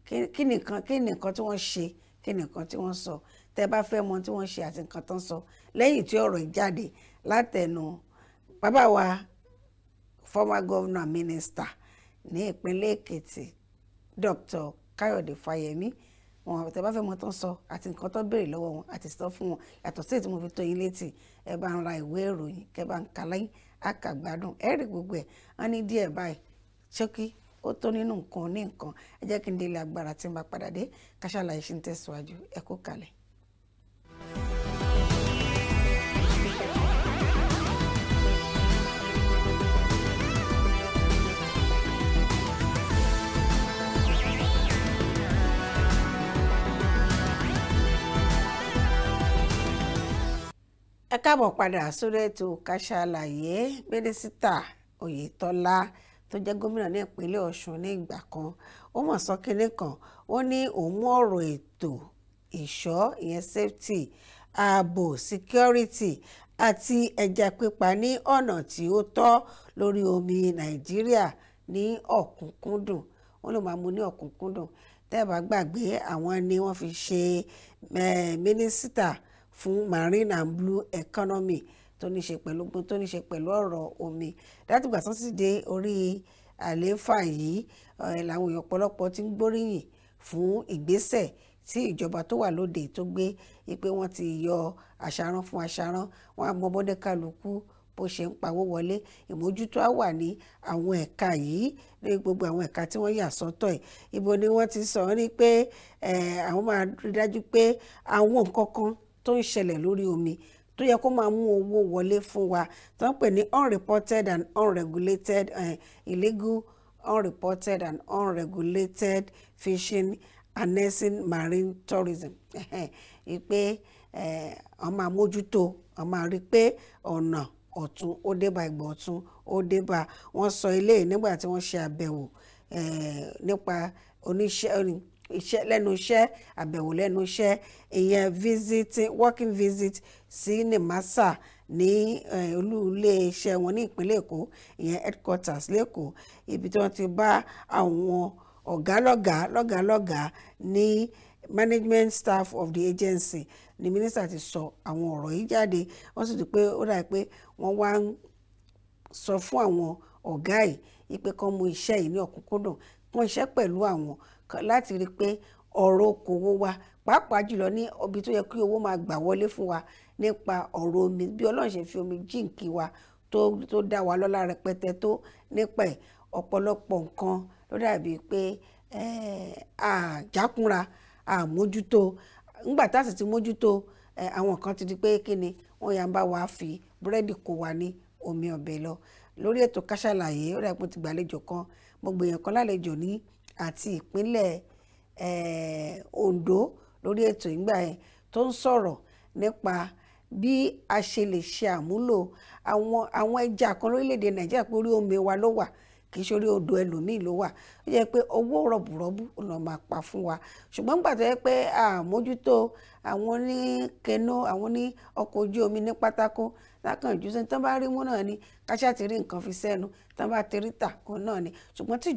kí ni nǹkan kí ni nǹkan tí wọ́n ṣe kí ni nǹkan tí wọ́n sọ tẹ́ bá fẹ́ mọ tí wọ́n ṣe àti nǹkan tán sọ lẹ́yìn tí ọ̀rọ̀ jáde látẹnu bàbá wa former governor minister ní ìpínlẹ̀ Èkìtì Dr. Káyọ̀dé Fáyẹmí wọn tẹ́ bá fẹ́ mọ tán sọ àti nǹkan tán béèrè lọ́wọ́ wọn àti sọ fún wọn yàtọ̀ sí èyí tí mo fi tó yín létí ẹ bá ń ra ìwé ìròyìn kẹ́ bá ń kà àkàgbádùn ẹ rí gbogbo ẹ wọn ní díẹ̀ báyìí ṣókí ó tó nínú nǹkan ní nǹkan ẹ jẹ́ kí n délé agbára tí n bá padà dé ká ṣàlàyé ṣe ń tẹ̀síwájú ẹ kó kalẹ̀. ẹ káàbọ̀ padà sórí ètò ká mínísítà Oyètọ́lá tó jẹ́ gómìnà ní ìpínlẹ̀ Ọ̀ṣun ní ìgbà kan ó mọ̀ sọ kinní kan ó ní òun ọ̀rọ̀ ètò ìṣọ́ ìyẹn safety ààbò security àti ẹja pípa ní ọ̀nà tí ó tọ́ lórí omi Nàìjíríà ní ọ̀kúnkúndùn wọ́n ló máa mú ní ọ̀kúnkúndùn tẹ́ ẹ bá gbàgbé àwọn ni wọ́n fi ṣe mínísítà fún marine and blue economy tó ní ṣe pẹ̀lú ogun tó ní ṣe pẹ̀lú ọ̀rọ̀ omi látìgbà tó ti dé orí àlééfà yìí eh, làwọn èèyàn ọ̀pọ̀lọpọ̀ ti ń gbóríyìn fún ìgbésẹ̀ tí ìjọba tó wà lóde tó gbé pé wọ́n ti yọ àṣàrán fún àṣàrán wọn á mọ bọ́dẹ́ kálukú bó ṣe ń pawó wọlé ìmójútó á wà ní àwọn ẹ̀ka yìí ní gbogbo àwọn ẹ̀ka tí wọ́n yà sọ́tọ̀ ẹ̀ ibo ni wọ́n ti sọ ní pé eh, àwọn máa rí dájú pé àwọn nǹkan kan tó ń ṣẹlẹ̀ lórí omi tó yẹ kó máa mú owó wọlé fún wa tó ń pè ní unreported and unregulated uh, illegal unreported and unregulated fishing harnessing marine tourism ìpè wọ́n eh, máa mójútó wọ́n máa rí pé ọ̀nà ọ̀tún ó débà ìgbà ọ̀tún ó débà wọ́n sọ eléyìí nígbà tí wọ́n ṣe àbẹ̀wò eh, nípa oníṣẹ́ iṣẹ́ lẹ́nu iṣẹ́ àbẹ̀wò lẹ́nu iṣẹ́ ìyẹn visit, working visit sí Nimasa ní olú ilé iṣẹ́ wọn ní ìpínlẹ̀ Èkó ìyẹn headquarters lẹ́kọ̀ọ́ ibi tí wọ́n ti bá àwọn ọ̀gá lọ́gàá lọ́gàá lọ́gàá ní management staff of the agency ni mínísítà ti sọ àwọn ọ̀rọ̀ yìí jáde wọ́n sì ti pé ó dà pé wọ́n wá ń sọ fún àwọn ọ̀gá yìí pé kán mú iṣẹ́ yìí ní ọ̀kúnkúndùn kún iṣẹ́ pẹ̀lú àwọn láti rí i pé ọ̀rọ̀ okòwò wa pàápàá jùlọ ní ibi tó yẹ kí owó máa gbà wọlé fún wa nípa ọ̀rọ̀ omi bí ọlọ́run ṣe fi omi jíǹkì wa tó tó dá wa lọ́lá rẹpẹtẹ tó nípa ẹ̀ ọ̀pọ̀lọpọ̀ nǹkan ló dàbí pé àjákúnra àmójútó ńgbà tá a sì ti mójútó àwọn kan ti di pé kí ni wọ́n yà ń bá wa fi búrẹ́dì kó wa ní omi ọbẹ̀ lọ lórí ètò Ká Sálàyé ó dàbí pé ó ti gbàlejò kan mo gbèyàn kan lálejò ní àti ìpínlẹ̀ eh, Ondo lórí ètò ìgbà yẹn tó ń sọ̀rọ̀ nípa bí a ṣe lè ṣe àmúlò àwọn àwọn ẹja kan lórílẹ̀‐èdè Nàìjíríà pé orí omi wa ló wà kì í ṣe orí odò ẹlòmíì ló wà ó yẹ pé owó rọ̀bùrọ̀bù ọ̀nà máa pa fún wa ṣùgbọ́n nígbà yẹ pé àmójútó àwọn ní kẹnó àwọn ní ọkọ̀ ojú omi ní pátákó lákànjú sí tán bá rí mú náà ni káṣá ti rí nǹkan fi sẹ́nu tán bá ti rí tà kan náà ni ṣùgbọ́n tí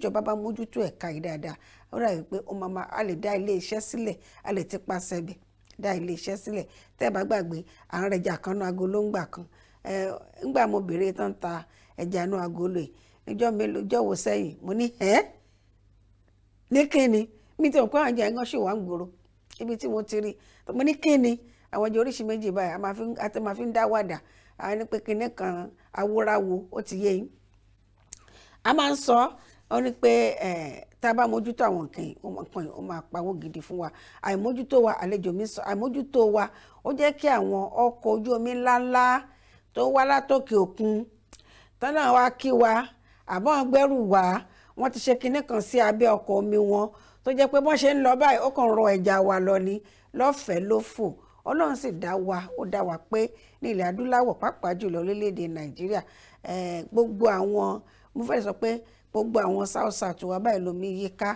a lè dá ilé iṣẹ́ sílẹ̀ a lè ti pàṣẹ bẹ̀ dá ilé iṣẹ́ sílẹ̀ tẹ́ ẹ bá gbàgbé agolo kan mo ta ẹja agolo níjọ́ mélòó sẹ́yìn mo ní ẹ́ ní kíni mi ibi tí mo ti rí mo ní kí ni àwọn ọjọ́ oríṣi méjì báyìí àti máa fi ń dá wàdà àwọn ní pé kinní kan awúráwo ó ti yé yín a máa ń sọ ọ ní pé tá a bá mójútó àwọn nǹkan yìí nǹkan yìí ó máa pawó gidi fún wa àìmójútó wa àlejò mi sọ àìmójútó wa ó jẹ́ kí àwọn ọkọ̀ ojú omi ńláńlá tó wá látòkè òkun tọ́nà wa kí wa àbọ̀ ń gbẹ́rù wọ́n ti ṣe kinní kan sí abẹ́ ọkọ̀ omi wọn tó jẹ́ pé bọ́n ṣe ń lọ báyìí ó kàn rọ ẹja wa lọ ni lọ́fẹ̀ẹ́ ló fò ọlọ́run sì dá wa ó dá wa pé ní ilẹ̀ adúláwọ̀ pàápàá jùlọ orílẹ̀-èdè nàìjíríà gbogbo àwọn mo fẹ́ sọ pé gbogbo àwọn south south wa báyìí lomi yíká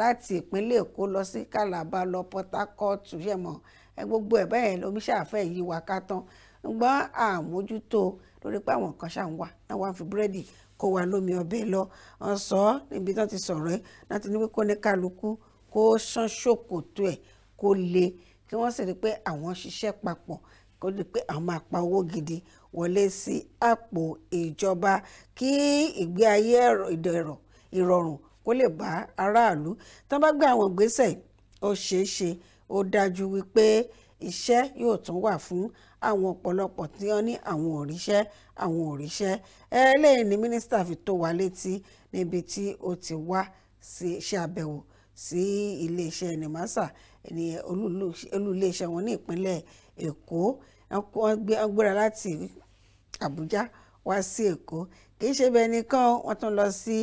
láti ìpínlẹ̀ èkó lọ sí calabar lọ port harcourt yẹ̀mọ̀ gbogbo ẹ̀ bẹ́ẹ̀ lomi ṣàfẹ́ yí wa ká tán ṣùgbọ́n àmójútó lórí pé àwọn kan ṣàǹwà náà wá fi búrẹ́dì kó wa lómi ọbẹ̀ lọ wọ́n sọ ọ́ níbi tán ti sọ̀rọ̀ ẹ́ láti ní pé kó ní kálukú kó ṣán ṣòkòtò ẹ̀ kó le kí wọ́n sì rí pé àwọn ṣiṣẹ́ papọ̀ kó rí pé àwọn máa pa owó gidi wọlé sí àpò ìjọba kí ìgbé ayé ìdẹ̀rọ̀ ìrọ̀rùn kó lè bá aráàlú tán bá gbé àwọn ìgbésẹ̀ ó ṣeé ṣe ó dájú wípé iṣẹ́ yóò tún wà fún àwọn ọ̀pọ̀lọpọ̀ tí wọ́n ní àwọn òrìṣẹ́ àwọn òrìṣẹ́ eléyìí ni mínísítà fi tó wa létí níbi tí ó ti wá sí ṣe àbẹ̀wò sí iléeṣẹ́ NEMASA ènìyàn olú iléeṣẹ́ wọn ní ìpínlẹ̀ Èkó wọ́n gbéra láti Àbújá wá sí Èkó kì í ṣe bẹ́ẹ̀ nìkan wọ́n tún lọ sí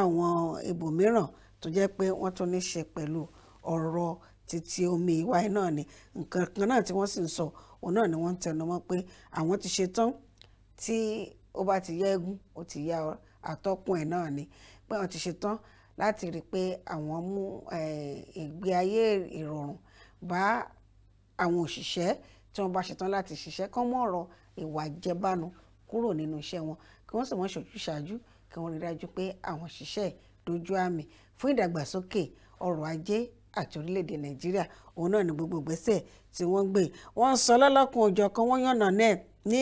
àwọn ibòmíràn tó jẹ́ pé wọ́n tún ní ṣe pẹ̀lú ọ̀rọ̀ títí omi ìwáyé náà ni nǹkan kan náà tí wọ́n sì ń sọ òun náà ni wọ́n ń tẹnu pé àwọn ti ṣe tán tí ó bá ti yá eégún ó ti yá àtọ́kùn ẹ̀ náà ni pé àwọn ti ṣe tán láti rí i pé àwọn mú ìgbé ayé ìrọ̀rùn bá àwọn òṣìṣẹ́ tí wọ́n bá ṣetán láti ṣiṣẹ́ kán mọ́ ìwà ìjẹbánu kúrò nínú iṣẹ́ wọn kí wọ́n sì mọ́ ṣòjúṣàjú kí wọ́n rí dájú pé àwọn òṣìṣẹ́ dojú àmì fún ìdàgbàsókè ọrọ̀ ajé àti orílẹ̀-èdè nàìjíríà òun náà ní gbogbo ìgbésẹ̀ tí wọ́n gbé wọ́n sọ lọ́lọ́kun òjọ̀ kan wọ́n yànnà náà ní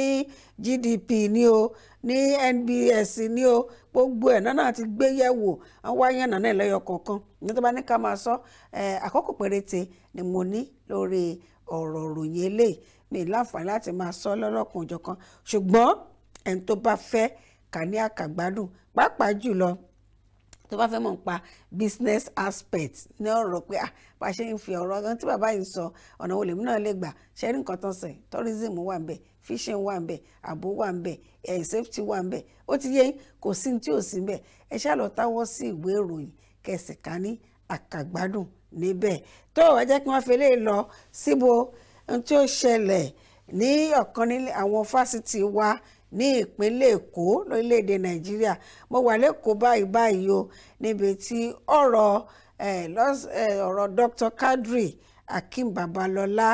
GDP ní o ní NBS ní o gbogbo ẹ̀ náà ti gbé yẹ̀wò wọ́n wá yànnà náà lẹ́yọ kọ̀ọ̀kan ní tó bá ní ká máa sọ àkókò péréte ni mo ní lórí ọ̀rọ̀ òròyìn eléyìí mi láǹfààní láti máa sọ lọ́lọ́kun òjọ̀ kan ṣùgbọ́n ẹni tó bá fẹ́ kà ní àkàgbádùn pàápàá jùlọ tó bá fẹ́ mọ̀ nípa business aspect ní ọ̀rọ̀ pé à ah, bá ṣe ń fi ọ̀rọ̀ ọ̀gán tí bàbá yìí ń sọ ọ̀nà wo lèmi náà lè gbà ṣe rí nǹkan tán sẹ̀ tourism wà ń fishing wà ń bẹ̀ ààbò wà ń air eh, safety wà ń bẹ̀ ó ti yẹ kò sí tí ò sí ń bẹ̀ ẹ ṣáà lọ táwọ́ sí ìwé ìròyìn kẹsì ká ní àkàgbádùn níbẹ̀ tó ẹ jẹ́ kí wọ́n fi lè lọ síbo tí ó ṣẹlẹ̀ ní ọ̀kan nílé àwọn fásitì wa ní ìpínlẹ̀ èkó lórílẹ̀‐èdè nàìjíríà mo wà lẹ́kọ̀ọ́ báyìí báyìí o níbi tí ọ̀rọ̀ ọ̀rọ̀ Dr. Kadri Akeem Babalọlá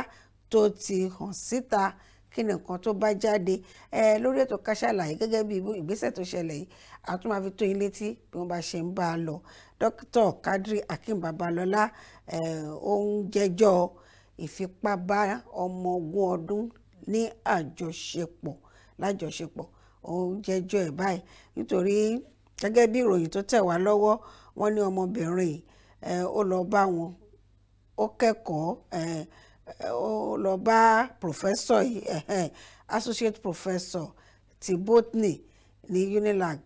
tó ti hàn síta kí ni nǹkan tó bá jáde lórí ètò Ká Sálàyé gẹ́gẹ́ bí ìgbésẹ̀ tó ṣẹlẹ̀ yìí a tún tó yín létí bí wọ́n bá ṣe ń bá a lọ Dr. Kadri Akeem Babalọlá ó ń jẹ́jọ́ ìfipábá ọmọ ogún ọdún ní àjọṣepọ̀ lájọṣepọ̀ ó jẹ́jọ́ ẹ̀ báyìí nítorí gẹ́gẹ́ bí ìròyìn tó tẹ̀ wá lọ́wọ́ wọ́n ní ọmọbìnrin ó lọ bá wọn ó kẹ́kọ̀ọ́ ó lọ bá pòfẹ́sọ̀ associate professor ti botany ní unilag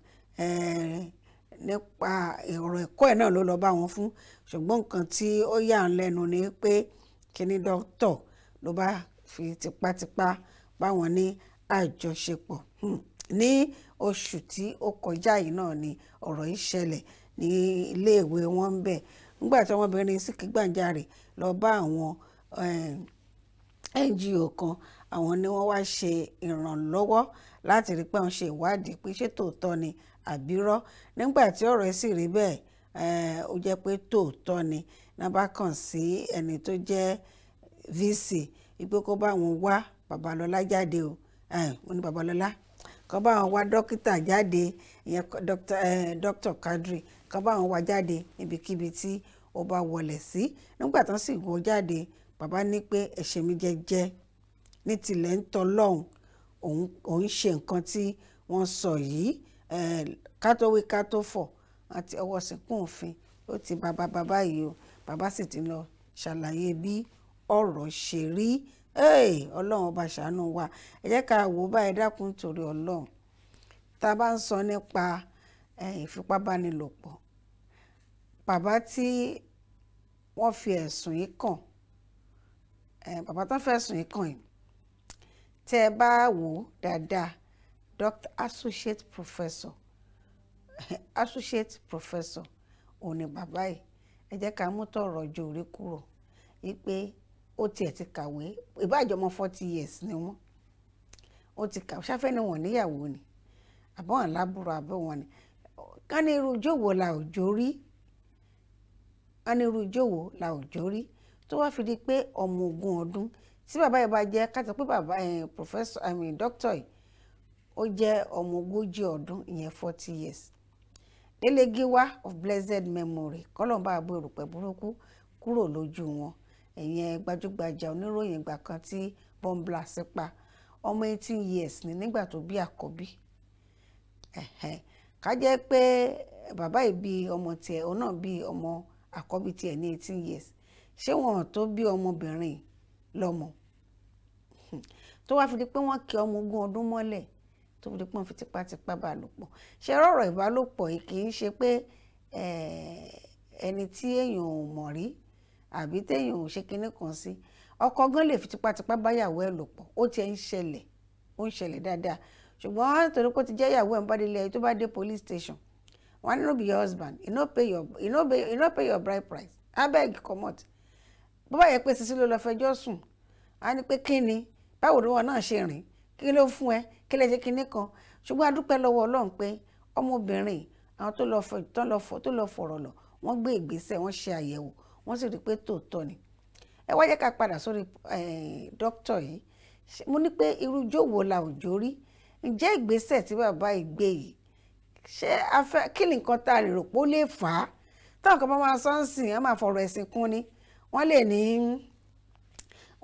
nípa ọ̀rọ̀ ẹ̀kọ́ ẹ̀ náà ló lọ bá wọn fún ṣùgbọ́n nǹkan tí ó yà ń lẹ́nu ni pé kíní dókítọ̀ ló bá fi tipátipá bá ní àjọṣepọ̀ hmm. ní oṣù tí ó kọjá yìí náà ni ọ̀rọ̀ yìí ṣẹlẹ̀ ní iléèwé wọn bẹ̀ nígbà tí ọmọbìnrin sì gbàǹjarè lọ bá àwọn eh, NGO kan àwọn ni wọ́n wá ṣe ìrànlọ́wọ́ láti rí pé wọ́n ṣe ìwádìí pé ṣé tòótọ́ ni àbírọ́ nígbà tí ọ̀rọ̀ yìí sì rí bẹ́ẹ̀ eh, ó jẹ́ pé tòótọ́ ni náà bá kàn sí ẹni tó jẹ́ VC ìpè kó bá wọn wá Babalọ́lá jáde o mo ní babalọ́lá kọ́ bá wọn wá dókítà jáde ìyẹn dókítà Quadri kọ́ bá wọn wá jáde níbikíbi tí ó bá wọlé sí nígbà tán sì wọ jáde bàbá ní pé ẹ̀ṣẹ̀ mi jẹ́jẹ́ ní tilẹ̀ ń tọ́ lọ́hùn òun ṣe nǹkan tí wọ́n sọ yìí ká tó wí ká tó fọ̀ àti ọwọ́ sìnkún òfin ó ti bàbá bàbá yìí o bàbá sì ti lọ ṣàlàyé bí ọ̀rọ̀ ṣe rí ọlọ́run ọba ṣàánú wa ẹ jẹ́ ká wò ó báyìí dákun torí ọlọ́run tá a bá ń sọ nípa ìfipábánilòpọ̀ bàbá tí wọ́n fi ẹ̀sùn yìí kàn bàbá tó fẹ̀sùn yìí kàn yìí tẹ́ ẹ bá wò ó dáadáa Dr. Associate Professor Associate Professor òun ni bàbá yìí ẹ jẹ́ ká mú tọ̀rọ̀ ọjọ́ orí kúrò yìí pé ó tiẹ̀ ti kàwé ìbáàjọmọ forty years ni wọ́n ó ti kàwé ṣáfẹ́ ni wọ́n níyàwó ni àbọ̀n àlábùrọ̀ àbọ̀ wọn ni ká ní irú ìjòwò la òjò rí ká ní irú ìjòwò la òjò rí tó wá fi di pé ọmọ ogún ọdún tí bàbá yìí bá jẹ́ ká pé bàbá professor i mean doctor yìí ó jẹ́ ọmọ ogójì ọdún ìyẹn forty years Délé Gíwá of blessed memory kọ́lọ́mbà àbúrò pẹ̀ burúkú kúrò lójú wọn ẹ̀yẹn gbajúgbajà oníròyìn ìgbà kan tí Bọ́mbla sípa ọmọ eighteen years ni nígbà tó bí àkọ́bí ká jẹ́ pé bàbá yìí bí ọmọ tiẹ̀ òun náà bí ọmọ àkọ́bí tiẹ̀ ní eighteen years ṣé wọn tó bí ọmọbìnrin lọ́mọ tó wá fi di pé wọ́n kí ọmọ ogún ọdún mọ́lẹ̀ tó fi di pé wọ́n fi tipátipá bá a lò pọ̀ ṣe rọ̀rọ̀ ìbálòpọ̀ yìí kì í ṣe pé ẹni tí èèyàn ò mọ̀ rí àbí téèyàn ò ṣe kinní kan sí ọkọ gan lè fi tipátipá báyàwó ẹ̀ lò pọ̀ ó tiẹ̀ ń ṣẹlẹ̀ ó ń ṣẹlẹ̀ dáadáa ṣùgbọ́n torí pé ó ti jẹ́ ìyàwó ẹ̀ ń bá délé ẹ̀ tó bá dé police station wọn ní no be your husband you no pay your you no pay you no pay your bride price abeg comot bó bá yẹ pé sisi ló lọ fẹjọ́ sùn á ní pé kí ni báwo ni wọn náà ṣe rìn kí ló fún ẹ kí lè ṣe kinní kan ṣùgbọ́n a dúpẹ́ lọ́wọ́ Ọlọ́run pé ọmọbìnrin àwọn tó lọ fọ̀rọ̀ lọ wọ́n gbé ìgbésẹ̀ wọ́n ṣe àyẹ̀wò wọ́n sì rí i pé tòótọ́ ni ẹ wá jẹ́ ká padà sórí dókítà yìí mo ní pé irú jòwó la ò jó rí ǹjẹ́ ìgbésẹ̀ tí bàbá yìí gbé yìí ṣé afẹ́ kí ni nǹkan tá a lè rò pé ó lè fà á táwọn kan bá máa sọ ń sìn á máa fọ̀rọ̀ ẹ̀sìn kún ni wọ́n lè ní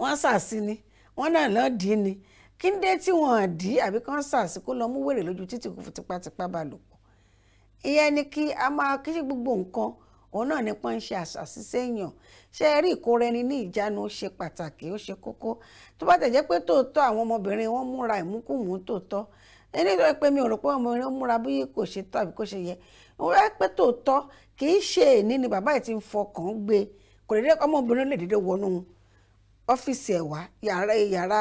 wọ́n sàsí ni wọ́n náà lọ́ọ́ dì í ni kí ń dé tí wọ́n dì í àbí kán sàsí kó lọ́ọ́ mú wèrè lójú títì kò tipátipá bá lò pọ̀ ìyẹn ni kí a máa kí gbogbo nǹkan òun náà ni pọ́n ń ṣe àṣàsí séèyàn ṣé ẹ rí ìkóra ẹni ní ìjánu ó ṣe pàtàkì ó ṣe kókó tó bá tẹ̀jẹ́ pé tòótọ́ àwọn ọmọbìnrin wọn múra ìmúkùmú tòótọ́ ẹni tó pé mi ò rò pé ọmọbìnrin ó múra bí kò ṣe tó àbí kò ṣe yẹ ó wá pé tòótọ́ kì í ṣe èní ni bàbá yìí ti ń fọkàn gbé kò dédé ọmọbìnrin lè dédé wọnú ọ́fíìsì ẹ̀ wá yàrá yàrá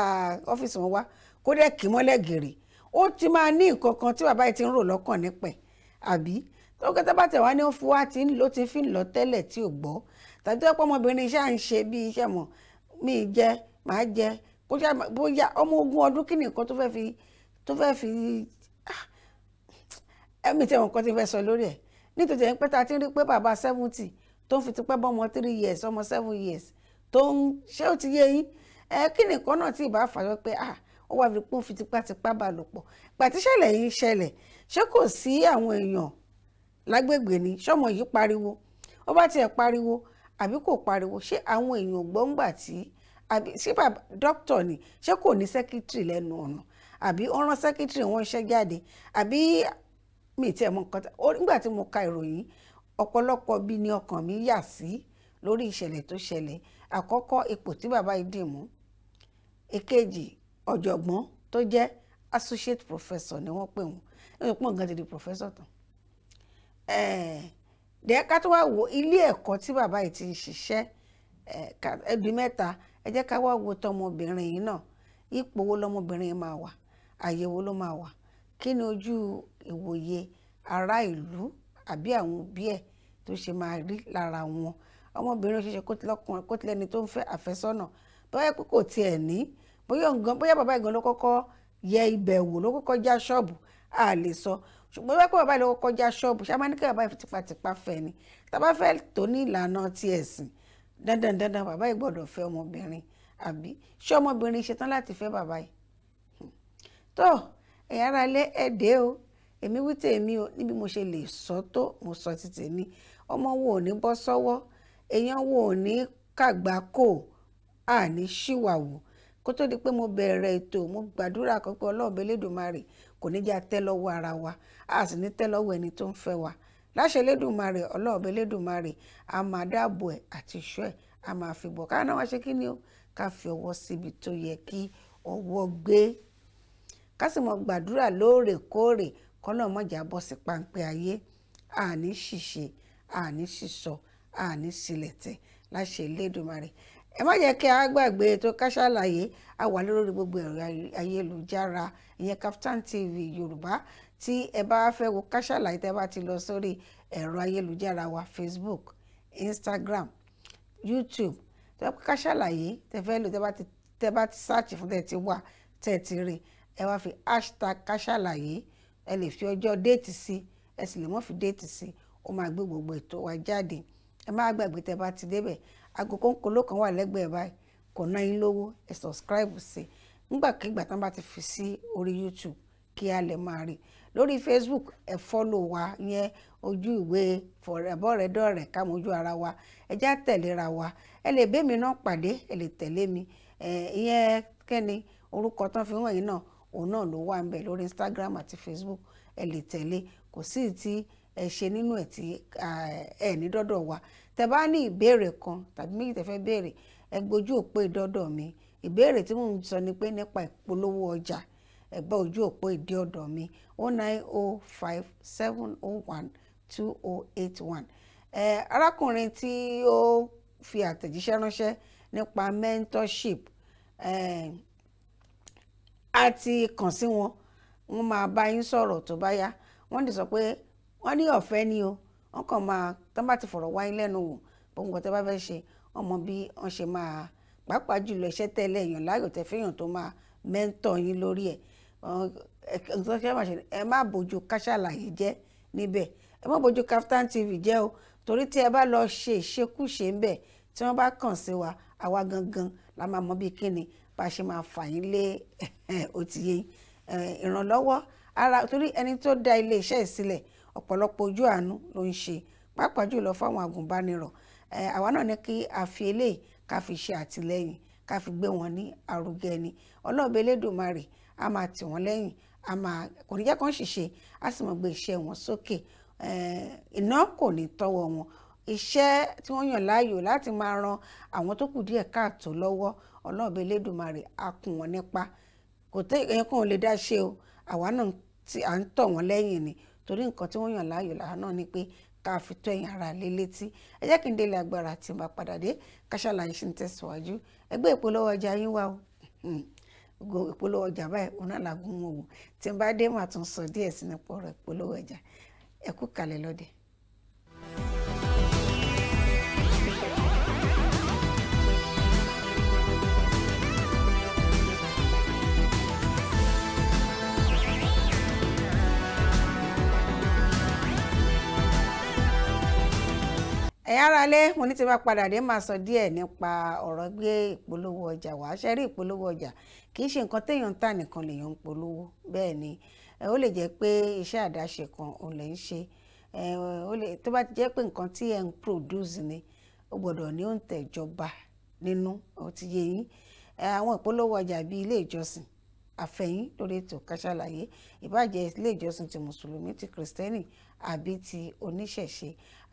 ọ́fíìsì wọn wá kó dẹ̀ kì í mọ́lẹ̀ gèrè ó ti máa ní nǹkan kan tí bàbá yìí ti ń rò lọ́kàn nípẹ̀ àbí tókè tá bá tẹ̀ wá ní ó fi wá tí ló ti fi ń lọ tẹ́lẹ̀ tí ò gbọ́ tàbí tó yẹ pé ọmọbìnrin iṣẹ́ à ń ṣe bí iṣẹ́ mọ̀ mí jẹ màá jẹ bóyá ọmọ ogún ọdún kí nìkan tó fẹ́ fi tó fẹ́ fi ah, ẹ̀mí tẹ̀wọ̀n kan ti fẹ́ sọ lórí ẹ̀ nítorí ẹ̀ ń pẹ́ ta ti rí pé bàbá seventy tó ń fi tipẹ́ bọ́mọ three years ọmọ seven years tó ń ṣé ó ti yé yín ẹ kí nìkan náà tí ìbá fàyọ pé ah ó wà fi pé ó fi tipátipá bá lò pọ̀ gbàtíṣẹ̀lẹ̀ yìí ṣẹlẹ̀ ṣé kò sí àwọn èèyàn lágbègbè ni ṣọmọ yìí pariwo ó bá tiẹ̀ pariwo àbí kò pariwo ṣé àwọn èèyàn gbọ́ngbà tí àbí ṣé dókítà ni ṣé kò ní sẹ́kítírì lẹ́nu ọ̀nà àbí ó rán sẹ́kítírì wọn ṣẹ́ jáde àbí mi tiẹ̀ mọ nǹkan nígbà tí mo ka ìròyìn ọ̀pọ̀lọpọ̀ bí ni ọkàn mi yà sí lórí ìṣẹ̀lẹ̀ tó ṣẹlẹ̀ àkọ́kọ́ ipò tí bàbá yìí dì mú èkejì ọ̀jọ̀gbọ́n tó jẹ́ associate professor ni wọ́n pè wọ́n ẹ̀yìn pọ̀ nǹkan ti di professor tán dẹ́ ká tó wá wo ilé ẹ̀kọ́ tí bàbá yìí ti ń ṣiṣẹ́ ẹbí mẹ́ta ẹ jẹ́ ká wá wo tọmọbìnrin yìí náà ipò wo lọmọbìnrin yìí máa wà àyè wo ló máa wà kí ni ojú ìwòye ará ìlú àbí àwọn òbí ẹ̀ tó ṣe máa rí lára wọn ọmọbìnrin ṣeṣe kó tilọ́kùnrin kó tilẹ́ni tó ń fẹ́ àfẹ́sọ́nà bóyá pé kò tiẹ̀ ní bóyá bàbá ìgan ló kọ́kọ́ yẹ ibẹ̀ wò ló kọ́kọ́ já ṣọ́ọ̀bù a sọ ṣùgbọ́n wípé bàbá ìlú kọjá ṣọ́ọ̀bù ṣá máa ní kí bàbá ìfi tipátipá fẹ́ ni tàbá fẹ́ tó ní ìlànà ti ẹ̀sìn dandan dandan bàbá yìí gbọ́dọ̀ fẹ́ ọmọbìnrin àbí ṣé ọmọbìnrin ṣetán láti fẹ́ bàbá yìí. tó ẹ̀yin ará ilé ẹ̀dẹ́ o èmi wí tèmi o níbi mo ṣe lè sọ tó mo sọ ti tèmi ọmọ wo ò ní bọ́ sọ́wọ́ èèyàn wo ò ní kàgbá kò àní ṣìwàwò kó tó di pé mo bẹ̀rẹ̀ ètò mo gbàdúrà kan ọlọ́ọ̀bẹ lẹ́dùnmarè kò ní já tẹ́ lọ́wọ́ ara wa a sì ní tẹ́ lọ́wọ́ ẹni tó ń fẹ́ wa láṣẹ Elédùmarè ọlọ́ọ̀bẹ Elédùmarè a máa dáàbò ẹ̀ àti ìṣọ́ ẹ̀ a máa fi bọ̀ káwọn náà wá ṣe kí ni o ká fi ọwọ́ síbi tó yẹ kí ọwọ́ gbé ká sì mọ gbàdúrà lóòrèkóòrè kọ́nà mọ̀jà bọ́ sí páńpẹ́ ayé àní ṣìṣe àní sísọ àní sílẹ̀tẹ̀ láṣẹ Elédùmarè ẹ má jẹ́ kí a gbàgbé ètò Ká Sálàyé a wà lórí gbogbo ẹ̀rọ ayélujára ìyẹn Kaftan TV Yorùbá tí ẹ bá fẹ́ wo Ká Sálàyé tẹ́ bá ti lọ sórí ẹ̀rọ ayélujára wa Facebook Instagram YouTube tẹ́ bá Ká Sálàyé tẹ́ fẹ́ lò tẹ́ bá ti sáàchì fún tẹ́ ti wà tẹ́ ti rí ẹ wá fi hashtag Ká Sálàyé ẹ lè fi ọjọ́ déètì sí ẹ sì lè mọ́ fi déètì sí ó máa gbé gbogbo ètò wa jáde ẹ má gbàgbé tẹ́ bá ti débẹ̀ aago kónkóló kan wà lẹ́gbẹ̀ẹ́ báyìí kò ná yín lówó ẹ subscribe sí nígbàkigbà tán bá ti fi sí orí YouTube kí a lè máa rí lórí Facebook ẹ follow wa yẹn ojú ìwé fọ̀rẹ̀bọ̀rẹ̀dọ̀rẹ̀ kámojú ara wa ẹ já tẹ̀léra wa ẹ lè bẹ́mi náà pàdé ẹ lè tẹ̀lé mi ìyẹn kẹ́ni orúkọ tán fi wọ̀nyí náà òun náà ló wà ń bẹ̀ lórí Instagram àti Facebook ẹ lè tẹ̀lé kò sí ti ẹ ṣe nínú ẹ̀ tí ẹ ní dọ́dọ̀ wa tẹ bá ní ìbéèrè kan tàbí méjì tẹ fẹ́ béèrè ẹ gbójú òpó ìdọ́dọ̀ mi ìbéèrè tí mò ń sọ ni pé nípa ìpolówó ọjà ẹgbẹ́ ojú òpó ìdí ọ̀dọ̀ mi o nine o oh five seven o oh one two o oh eight one. arákùnrin tí ó fi àtẹ̀jíṣẹ́ ránṣẹ́ nípa mentorship ẹ a ti kàn sí wọn wọ́n máa bá yín sọ̀rọ̀ tó bá yá wọ́n ti sọ pé wọ́n ní ọ̀fẹ́ ni o wọ́n kàn máa tán bá ti fọ̀rọ̀ wá yín lẹ́nu wò bó ń gbọ́ tẹ́ bá fẹ́ ṣe ọmọ bí wọ́n ṣe máa pàápàá jùlọ iṣẹ́ tẹ́lẹ̀ èèyàn láyò tẹ́ fẹ́yàn tó máa mẹ́ńtọ̀ yín lórí ẹ̀ ẹ má bójú ká ṣàlàyé jẹ́ níbẹ̀ ẹ má bójú Kaftan TV jẹ́ o torí tí ẹ bá lọ ṣe ìṣekúṣe ń bẹ̀ tí wọ́n bá kàn sí wa àwa gangan la máa mọ bíi kíni bá a ṣe máa fà yín lé òtíye ìrànlọ́wọ́ ara torí ẹni tó dá ilé iṣẹ́ ìsílẹ̀ ọ̀pọ̀lọpọ̀ ojú àánú ló ń ṣe pàápàá jùlọ fáwọn agùnbánirọ̀ àwa náà ní kí a fi eléyìí ká fi ṣe àtìlẹ́yìn ká fi gbé wọn ní àrùgẹ ni ọlọ́ọ̀bẹ elédùnmarè a máa tì wọ́n lẹ́yìn a máa kò ní jẹ́ kán ṣìṣe a sì máa gbé iṣẹ́ wọn sókè iná kò ní tọ́wọ́ wọn iṣẹ́ tí wọ́n yàn láàyò láti máa ran àwọn tó kù díẹ̀ káàtó lọ́wọ́ ọlọ́ọ̀bẹ elédùnmarè a kùn wọ́n nípa kò tẹ́ ẹ̀yìn kan ò lè dá ṣe o àwa náà à ń tọ̀ wọ́n lẹ́yìn ni torí nǹkan tí wọ́n yàn láàyò làwa náà ni pé ká fi tó ẹ̀yin ara lé létí ẹ jẹ́ kí n délé agbára tí n bá padà dé ká sí ń ìpolówó ọjà yín wá o ìpolówó ọjà n bá dé màá tún sọ díẹ̀ sí nípa ọ̀rọ̀ ìpolówó ẹ̀yin aráalé mo ní tí bá padà dé máa sọ díẹ̀ nípa ọ̀rọ̀ gbé ìpolówó ọjà wá ṣe rí ìpolówó ọjà kì í ṣe nǹkan téèyàn ń tà nìkan lèèyàn ń polówó bẹ́ẹ̀ ni ó lè jẹ́ pé iṣẹ́ àdáṣe kan òun lè ń ṣe tó bá jẹ́ pé nǹkan tí ẹ̀ ń produce ni ó gbọ́dọ̀ ní ó ń tẹ̀jọba nínú ó ti yé yín àwọn ìpolówó ọjà bíi ilé ìjọsìn àfẹ̀yìn lórí ètò Ká Sálàyé ìbàjẹ́ ilé ìjọsìn ti mùsùlùmí ti kìrìsìtẹ́nì àbí ti oníṣẹ̀ṣe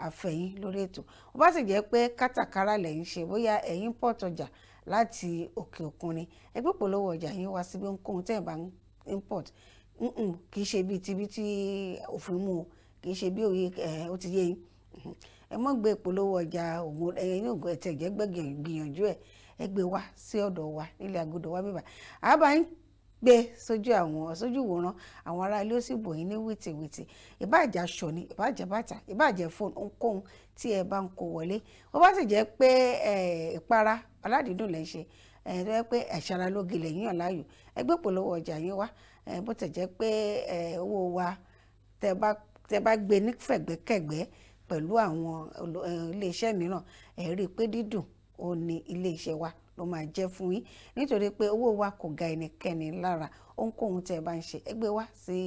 àfẹ̀yìn lórí ètò ó bá sì jẹ́ pé kátàkárà lẹ́yìn ṣe bóyá ẹ̀yin port ọjà láti òkè òkun ni ẹgbẹ́ ìpolówó ọjà yín wá síbi ohunkóhun tẹ́ ẹ̀ bá ń import kì í ṣe bíi tibí tí òfin mú o kì í ṣe bí òye ó ti yé yín ẹ mọ́ gbé ìpolówó ọjà òun ẹ̀yin ní ògùn ẹ̀tẹ̀jẹ̀ gbẹ̀gbìyànjú ẹ̀ ẹ gbé wá sí ọ̀dọ̀ wa nílẹ̀ àgọ́dọ̀ wa bíbá àbá yín gbé sójú àwọn sójú wòran àwọn ará ilé ó sì bò yín ní wìtìwìtì ìbáàjẹ́ aṣọ ni ìbáàjẹ́ bàtà ìbáàjẹ́ fóònù ohunkóhun tí ẹ bá ń kó wọlé wọ́n bá sì jẹ́ pé ìpara aládìídùn lẹ́ ń ṣe tó yẹ pé ẹ̀ṣara lóge lẹ́yìn ọ̀láyò ẹgbẹ́ ìpolówó ọjà yín wá bó tẹ̀ jẹ́ pé owó wa tẹ bá gbé ní fẹ̀gbẹ́kẹ̀gbẹ́ pẹ̀lú àwọn iléeṣẹ́ mìíràn ẹ̀rí pé dídùn òun ni iléeṣẹ́ wa ló máa jẹ́ fún yín nítorí pé owó wa kò ga ẹnikẹ́ni lára ohunkóhun tẹ́ ẹ bá ń ṣe ẹgbẹ́ wá sí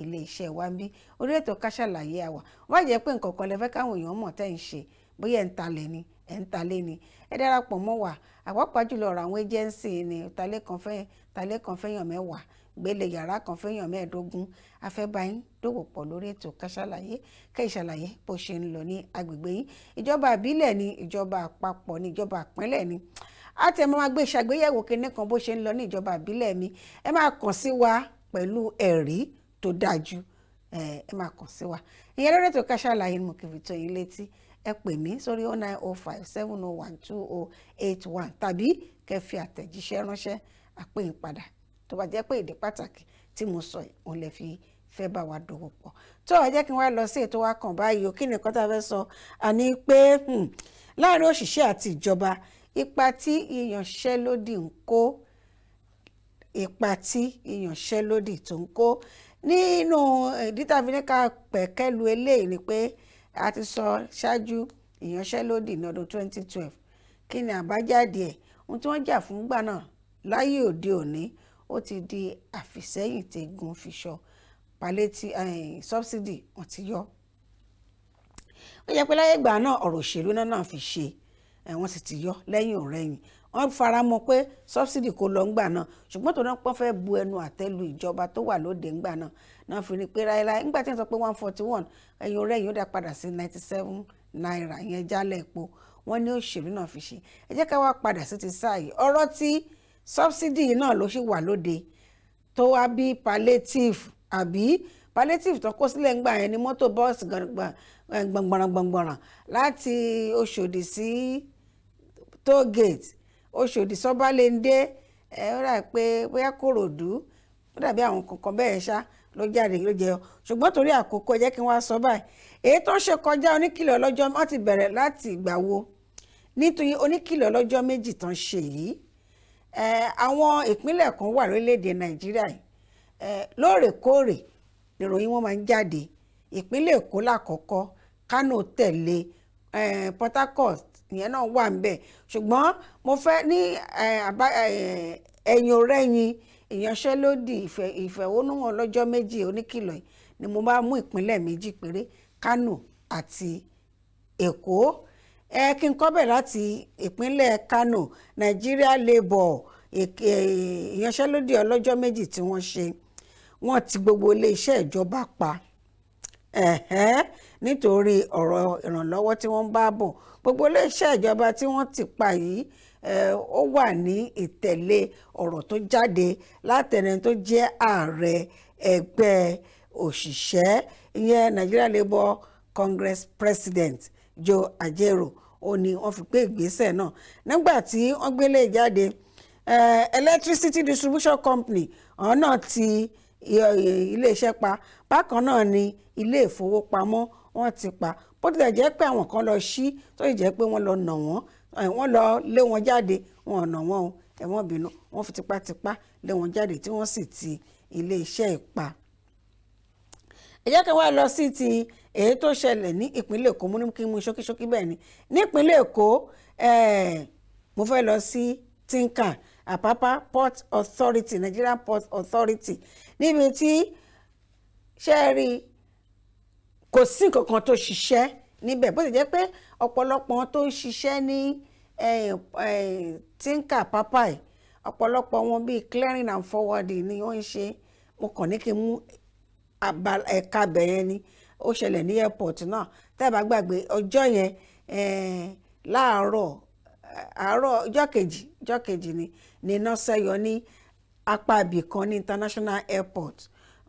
ilé iṣẹ́ wa ń bí orí ètò Ká Sálàyé àwà wá jẹ́ pé nǹkan kan lẹ fẹ́ káwọn èèyàn mọ̀ tẹ́ ń ṣe bóyá ń talẹ̀ ni ẹ̀ ń talé ni ẹ darapọ̀ mọ́ wa àpapọ̀ jùlọ ọ̀rọ̀ àwọn agency ni talé kan fẹ́ talé kan fẹ́yàn mẹ́wàá gbélé yàrá kan fẹ́yàn mẹ́ẹ̀ẹ́dógún afẹ́báyín dòwòpọ̀ lórí ètò Ká Sálàyé kẹ́ ìṣàlàyé bó ṣe ń lọ ní agbègbè yín ìjọba ìbílẹ̀ ni ìjọba àpapọ̀ ni ìjọba ìpínlẹ̀ ni á tẹ máa gbé ìṣàgbéyẹ̀wò kinní kan bó ṣe ń lọ ní ìjọba ìbílẹ̀ mi ẹ máa kàn sí wa pẹ̀lú ẹ̀rí tó dájú ẹ máa kàn sí wa ìyẹn lórí ètò Ká Sálàyé mo kì í yín létí ẹ pè mí sórí oh nine oh five seven oh one two oh eight one tàbí kẹ́ fi àtẹ̀jíṣẹ́ ránṣẹ́ àpéyìn padà tó bá jẹ́ pé ìdí pàtàkì tí mo sọ yìí òun lè fi fẹ́ bá wa dòwò pọ̀ tó ẹ jẹ́ kí n wá lọ sí ètò wa kàn báyìí o kí nìkan tá a fẹ́ sọ àní pé hmm, láàrin òṣìṣẹ́ àti ìjọba ipa tí ìyànṣẹ́lódì ń kó ipa tí ìyànṣẹ́lódì tó ń kó nínú ìdí tàbí ní ká eléyìí ni pé a ti sọ ṣáájú ìyànṣẹ́lódì ní ọdún 2012 kí ni àbájáde ẹ̀ ohun tí wọ́n jà fún gbà náà láyé òde òní ó ti di àfìsẹ́yìn tẹ̀gùn fìṣọ palliative eh, subsidy wọ́n ti yọ ó yẹ pé láyé ìgbà náà ọ̀rọ̀ òṣèlú náà náà fi ṣe wọ́n sì ti yọ lẹ́yìn ọ̀rẹ́yìn wọ́n fara mọ́ pé sọ́bsidì kò lọ ńgbà náà ṣùgbọ́n tó náà pọ́n fẹ́ bu ẹnu àtẹ́lu ìjọba tó wà lóde ńgbà náà náà fi ni pé ráíláí ńgbà tí wọ́n sọ pé one forty one ẹ̀yìn ọ̀rẹ́yìn ó dá padà sí ninety seven naira. yẹn jálẹ̀ epo wọ́n ní òṣèlú náà fi ṣe ẹ jẹ́ ká wá padà sí ti sáà yìí ọ̀rọ̀ tí sọ́bsidì náà ló ṣì wà lóde tó wá bí palliative àbí palliative tó kó sílẹ̀ ńgbà yẹn ni mọ́tò bọ́ọ̀sì gbọ̀ngbọ̀ngbọ̀ngbọ̀ngbọ̀n láti Òṣòdì sí toll gate Ọ̀ṣọ́dì Sọ́balẹ́ndé ẹ ó rà pé bóyá Kòròdú ó dàbí àwọn kankan bẹ́ẹ̀ ṣá ló jáde ló jẹyọ ṣùgbọ́n torí àkókò ẹ jẹ́ kí n wá sọ báyìí èyí tó ń ṣe kọjá oníkìlọ̀ ọlọ́jọ́ wọ́n ti bẹ̀rẹ̀ láti ìgbà wo nítorí oníkìlọ̀ ọlọ́jọ́ méjì tán ṣe yìí àwọn ìpínlẹ̀ kan wà lórílẹ̀‐èdè nàìjíríà lóòrèkóòrè ìròyìn wọn máa ń jáde ìpínlẹ̀ èkó lákọ̀ọ́kọ́ kánò tẹ̀lé port harcourt ìyẹn náà wà ń bẹ̀ ṣùgbọ́n mo fẹ́ ní ẹ̀yìn ọ̀rẹ́yìn ìyanṣẹ́lódì ìfẹ̀hónúhàn lọ́jọ́ méjì oníkìlọ̀ yìí ni mo bá mú ìpínlẹ̀ méjì péré Kano àti Èkó ẹ kí n kọ́bẹ̀ láti ìpínlẹ̀ Kano Nigeria Labour ìyanṣẹ́lódì ọlọ́jọ́ méjì tí wọ́n ṣe wọ́n ti gbogbo iléeṣẹ́ ìjọba pa nítorí ọ̀rọ̀ ìrànlọ́wọ́ tí wọ́n ń bá bọ̀ gbogbo iléeṣẹ́ ìjọba tí wọ́n ti pa yìí ó wà ní ìtẹ̀lé ọ̀rọ̀ tó jáde látẹ̀nẹ tó jẹ́ ààrẹ ẹgbẹ́ òṣìṣẹ́ ìyẹn Nigeria Labour Congress President Joe Ajero ó ní wọ́n fi gbé ìgbésẹ̀ náà nígbà tí wọ́n gbélé jáde electricity distribution company ọ̀hún náà ti iléeṣẹ́ pa bákan náà ni ilé ìfowópamọ́ wọ́n ti pa bó tilẹ̀ jẹ́ pé àwọn kan lọ ṣí tó sì jẹ́ pé wọ́n lọ nà wọ́n wọ́n lọ lé wọn jáde wọn ò nà wọ́n o ẹ̀wọ̀n bínú wọ́n fi tipátipá lé wọn jáde tí wọ́n sì ti ilé ìpa. ẹ jẹ́ kí wá lọ sí ti èyí tó ṣẹlẹ̀ ní ìpínlẹ̀ èkó mú kí n mú ṣókíṣókí bẹ́ẹ̀ ni ní ìpínlẹ̀ èkó mo fẹ́ lọ sí tinka apapa port authority nigerian port authority níbi tí ṣẹ́ẹ̀rì kò sí nǹkan kan tó ṣiṣẹ́ níbẹ̀ bó ti jẹ́ pé ọ̀pọ̀lọpọ̀ tó ń ṣiṣẹ́ ní tinka papai ọ̀pọ̀lọpọ̀ wọn bíi clearing and forwarding ni wọ́n ń ṣe mo kàn ní kí n mú ẹ̀ka bẹ̀yẹn ni ó ṣẹlẹ̀ ní airport náà tẹ́ ẹ bá gbàgbé ọjọ́ yẹn láàárọ̀ àárọ̀ ọjọ́ kejì ọjọ́ kejì ni ni iná ní apá ibì kan ní international airport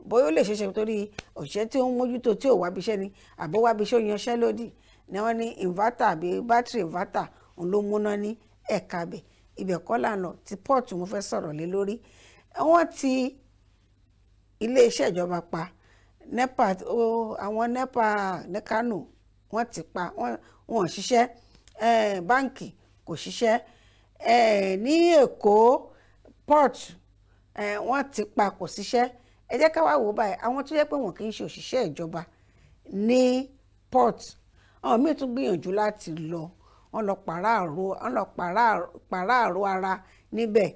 bóyá ó lè ṣeéṣe torí òṣìṣẹ́ tí ó ń mójútó tí ò wábiṣẹ́ ni àbó wábiṣẹ́ ó yanṣẹ́ lódì ni wọ́n ní inverter àbí bátìrì inverter òun ló múná ní ẹ̀ka bẹ̀ ibẹ̀ kọ́ là tí port mo fẹ́ sọ̀rọ̀ lé lórí wọ́n ti iléeṣẹ́ ìjọba pa nepa àwọn nepa ní Kano wọ́n ti pa wọn ò ṣiṣẹ́ báǹkì kò ṣiṣẹ́ ní Èkó port wọ́n ti pa kò ṣiṣẹ́ ẹ jẹ́ ká wá wò báyìí àwọn tó yẹ pé wọn kì í ṣe òṣìṣẹ́ ìjọba ní port àwọn míì tún gbìyànjú láti lọ wọn lọ pàráàrò wọn lọ pàráàrò ara níbẹ̀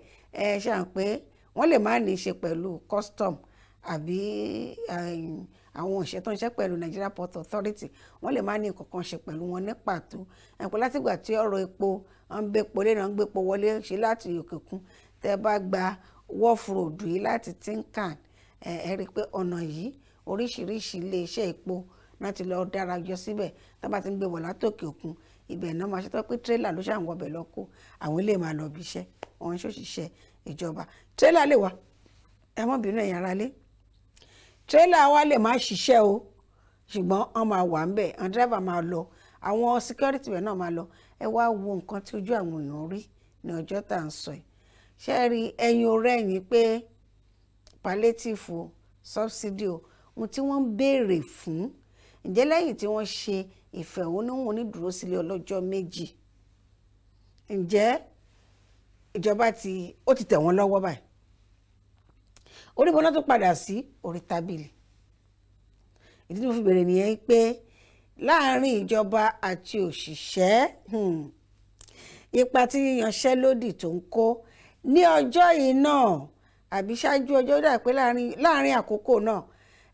ẹ ṣe hàn pé wọ́n lè má ní í ṣe pẹ̀lú custom àbí àwọn òṣìṣẹ́ tó ń ṣe pẹ̀lú Nigeria Port Authority wọ́n lè má ní nǹkan ṣe pẹ̀lú wọn ní pàtó ẹ̀pẹ́ látìgbà tí ọ̀rọ̀ epo ń gbépo lẹ́nu ń gbépo wọlé ṣe láti òkè òkun tẹ́ bá gba wharf road yìí láti Tin ẹ rí i pé ọ̀nà yìí oríṣiríṣi iléeṣẹ́ epo náà ti lọ dára jọ síbẹ̀ tó bá ti ń gbé wọ̀ látòkè òkun ibẹ̀ náà máa ṣe tó pé tírélà ló ṣàwọn ọbẹ̀ lọ kó àwọn ilé máa lọ bí iṣẹ́ wọn ṣòṣìṣẹ́ ìjọba tírélà lè wá ẹmọbìnrin ẹ̀yìn ara lé tírélà wa lè má ṣiṣẹ́ o ṣùgbọ́n wọn máa wà ń bẹ̀ àwọn dírẹ́bà máa lọ àwọn síkírọ́tì rẹ̀ náà máa lọ ẹ wá wo nǹkan tí ojú àwọn èèyàn rí ní ọjọ́ tá à ń sọ yìí ṣe rí ẹyin orẹ́yìn pé palliative o subsidy o ohun tí wọ́n ń béèrè fún ǹjẹ́ lẹ́yìn tí wọ́n ṣe ìfẹ̀hónúhàn onídùúró sílé ọlọ́jọ́ méjì ǹjẹ́ ìjọba ti ó ti tẹ̀ wọ́n lọ́wọ́ báyìí orí bọ́lá tó padà sí orí tábìlì ìdí tí mo fi bẹ̀rẹ̀ nìyẹn pé láàárín ìjọba àti òṣìṣẹ́ hmm, ipa tí yíyanṣẹ́lódì tó ń kó ní ọjọ́ yìí náà àbí ṣáájú ọjọ́ dà pé láàrin àkókò náà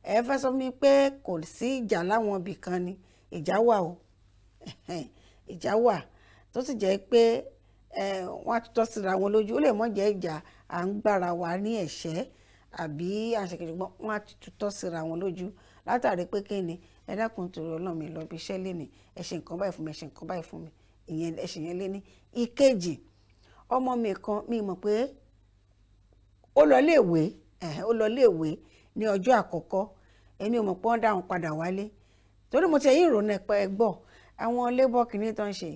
ẹ fẹ́ sọ mi pé kò sí ìjà láwọn ibì kan ni ìjà wà o ìjà wà tó sì jẹ́ pé wọ́n á tutọ́ síra wọn lójú ó lè mọ̀ jẹ́ ìjà à ń gbára wa ní ẹ̀ṣẹ́ àbí àṣekèjìgbọ́n wọ́n á tutọ́ síra wọn lójú látàrí pé kí ni ẹ dákun torí ọlọ́run mi lọ bí iṣẹ́ lénìí ẹ ṣe nǹkan báyìí fún mi ẹ nǹkan báyìí fún mi ìyẹn ẹ yẹn lénìí ìkejì ọmọ mi kan mi mọ̀ pé ó lọ léèwé ó lọ léèwé ní ọjọ́ àkọ́kọ́ èmi ò mọ̀ pé wọ́n dá wọn padà wálé torí mo ti ẹ̀yìn ìrònú ẹ̀pẹ́ gbọ́ àwọn labour kìíní tó ń ṣe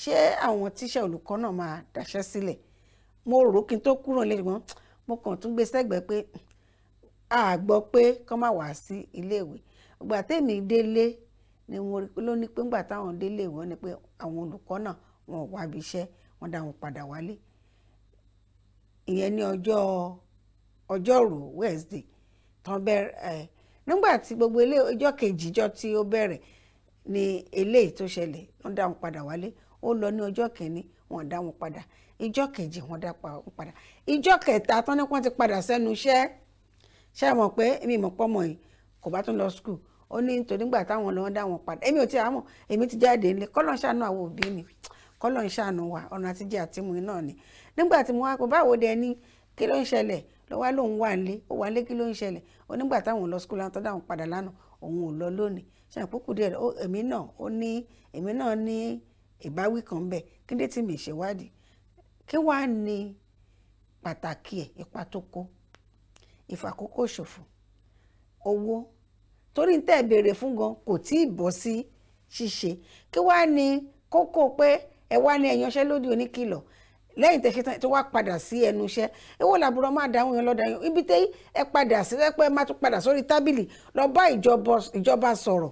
ṣé àwọn tíṣà olùkọ́ náà máa dáṣẹ́ sílẹ̀ mo rò kí n tó kúrò nílé ṣùgbọ́n mo kàn tún gbé sẹ́gbẹ̀ẹ́ pé a gbọ́ pé kán má wá sí iléèwé ìgbà tèmi délé ni mo ló ní pé ńgbà táwọn délé ìwọ ni pé àwọn olùkọ́ náà wọn ò wábi iṣẹ́ wọn dá padà wálé ìyẹn ní ọjọ́ ọjọ́rú Wednesday tán bẹ̀rẹ̀ nígbà tí gbogbo ilé ọjọ́ kejì jọ tí ó bẹ̀rẹ̀ ni eléyìí tó ṣẹlẹ̀ wọ́n dá wọn padà wálé ó lọ ní ọjọ́ kìíní wọ́n dá wọn padà ìjọ kejì wọ́n dá wọn padà ìjọ kẹta tán ní wọ́n ti padà sẹ́nu iṣẹ́ ṣe mọ̀ pé èmi mọ̀ pọ́mọ yìí kò bá tún lọ skul ó ní nítorí nígbà táwọn lọ́wọ́ dá wọn padà èmi ò tí a èmi ti jáde nílé kọ́lọ́n ṣàánú àwọn òbí mi kọ́lọ́n ṣàánú wa ọ̀nà àtijọ́ àti mu ni nígbà tí mo wá pé báwo dẹ ni kí ló ń ṣẹlẹ̀ lọ́wọ́ lòun wà nílé ó wà nílé kí ló ń ṣẹlẹ̀ ó nígbà táwọn lọ skul àtọ́dá àwọn padà lánàá òun ò lọ lónìí ṣe àpòkù díẹ̀ ó èmi náà ó ní èmi náà ní ìbáwí kan bẹ́ẹ̀ kí dé tí mi ṣèwádìí kí wàá ní pàtàkì ẹ̀ ipa tó kó ìfàkókò ṣòfò owó torí ń tẹ́ béèrè fún gan kò tí ì bọ́ sí ṣíṣe kí wàá ní kókó pé ẹ wá ní ẹ̀yánṣẹ́ oníkìlọ̀ lẹ́yìn tẹ̀ ṣe tán tó wá padà sí ẹnu iṣẹ́ èwo làbúrò máa dá àwọn èèyàn lọ́dà yẹn ibi tẹ́ ẹ padà sí lẹ́pẹ́ má tún padà sórí tábìlì lọ bá ìjọba sọ̀rọ̀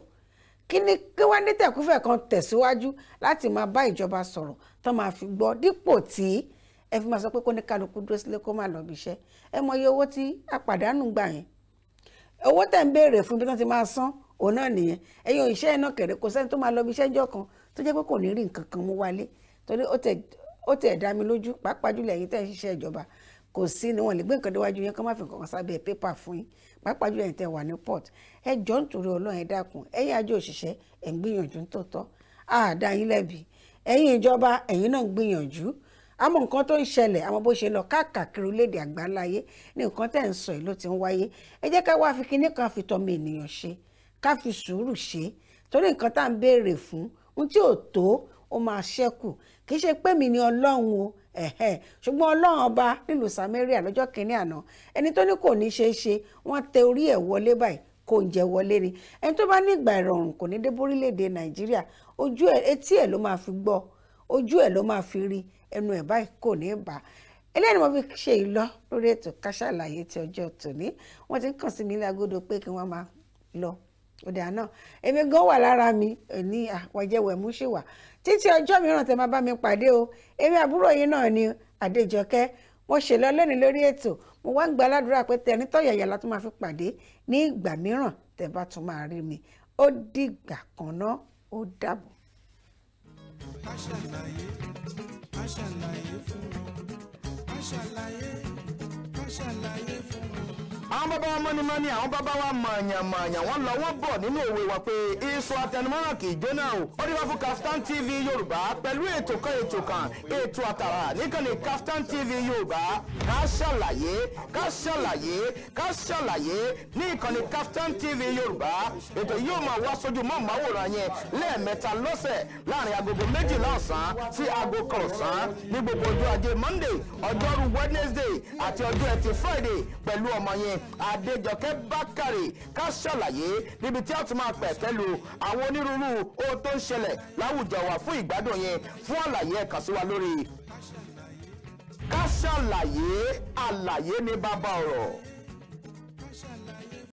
kí ni kí wá ní tẹ̀kúfẹ̀ kan tẹ̀síwájú láti máa bá ìjọba sọ̀rọ̀ tó máa fi gbọ́ dípò tí ẹ fi máa sọ pé kó ní kálukú dúró sílé kó má lọ bí iṣẹ́ ẹ mọ iye owó tí apàdánù gbà yẹn owó tẹ̀ ń béèrè fún bí wọ́n ti máa san òun náà nìyẹn ẹ̀yin òṣìṣẹ́ náà kẹ̀rẹ́ kò sẹ́ni tó máa lọ bí iṣẹ́ jọ kan tó jẹ́ pé kò ní rí nǹkan kan mú wálé torí ó tẹ̀ ó tiẹ̀ dá mi lójú pàápàá jùlọ ẹ̀yin tẹ́ ń ṣiṣẹ́ ìjọba kò sí ni wọ́n lè gbé nǹkan déwájú yẹn kó má fi nǹkan sábẹ́ pépà fún yín pàápàá jùlọ ẹ̀yin tẹ́ wà ní port ẹ jọ nítorí ọlọ́run ẹ dákun ẹ̀yin àjọ òṣìṣẹ́ ẹ̀ ń gbìyànjú tó tọ́ àdá yín lẹ́bi ẹ̀yin ìjọba ẹ̀yin náà ń gbìyànjú àmọ́ nǹkan tó ń ṣẹlẹ̀ àmọ́ bó ṣe lọ káàkiri orílẹ̀-èdè àgbáńláyé ní nǹkan tẹ́ ń sọ yìí ló ti ń wáyé ẹ jẹ́ ká wá fi kinní kan fi tọmọ ènìyàn ṣe ká fi sùúrù ṣe torí nǹkan tá à ń béèrè fún ohun tí ò tó ó máa ṣẹ́kù kì í ṣe pé mi ni ọlọ́run o ẹ̀hẹ́ ṣùgbọ́n ọlọ́run ọba nílùú Samaria lọ́jọ́ kìíní àná ẹni tó ní kò ní ṣeé ṣe wọ́n tẹ orí ẹ̀ wọlé báyìí kò ń jẹ wọlé ni ẹni tó bá ní ìgbà ìrọ̀rùn kò ní dé bórílẹ̀‐èdè Nàìjíríà ojú ẹ̀ etí ẹ̀ ló máa fi gbọ́ ojú ẹ̀ ló máa fi rí ẹnu ẹ̀ báyìí kò ní bà eléyìí ni mo fi ṣe ìlọ lórí ètò Ká ti ọjọ́ tòní wọ́n ti ń kàn sí mi ní agodo pé kí wọ́n máa lọ ọ̀dà náà èmi gan wà lára mi ní àwọ̀jẹ̀wẹ̀mú ṣì wà títí ọjọ́ mìíràn tẹ máa bá mi pàdé o èmi àbúrò yìí náà ni Adéjọkẹ́ mo ṣe lọ lẹ́nu lórí ètò mo wá ń gba aládùúrà pé tẹni tọ̀yàyà la tún máa fi pàdé ní ìgbà mìíràn tẹ bá tún máa rí mi ó dìgbà kan náà ó dàbọ̀. a fún wọn a fún wọn àwọn bàbá wa mọ́nimọ́ni àwọn bàbá wa mọ̀nyàmọ̀nyà wọ́n lọ wọ́n bọ̀ nínú òwe wa pé iṣu àtẹnumọ́ràn kì í jóná o. ó dé wá fún Kaftan TV Yorùbá pẹ̀lú ètò kan ètò kan ètò àtàrà níkànnì Kaftan TV Yorùbá ká ṣàlàyé ká ṣàlàyé ká ṣàlàyé ní ìkànnì Kaftan TV Yorùbá ètò yóò máa wá sójú mọ́ màwòrán yẹn lẹ́ẹ̀mẹ́ta lọ́sẹ̀ láàrin agogo méjìlá ọ̀sán sí aago kan ní gbogbo ọjọ́ ajé Monday ọjọ́rú Wednesday àti ọjọ́ ẹtì Friday pẹ̀lú ọmọ yẹn Adéjọkẹ́ Bákàrè ká ṣàlàyé níbi tí a ti máa pẹ̀ tẹ́lu àwọn onírúurú ohun tó ń ṣẹlẹ̀ láwùjọ wa fún ìgbádùn yẹn fún àlàyé ẹ sí wa lórí ká ṣàlàyé àlàyé ní bàbá ọ̀rọ̀.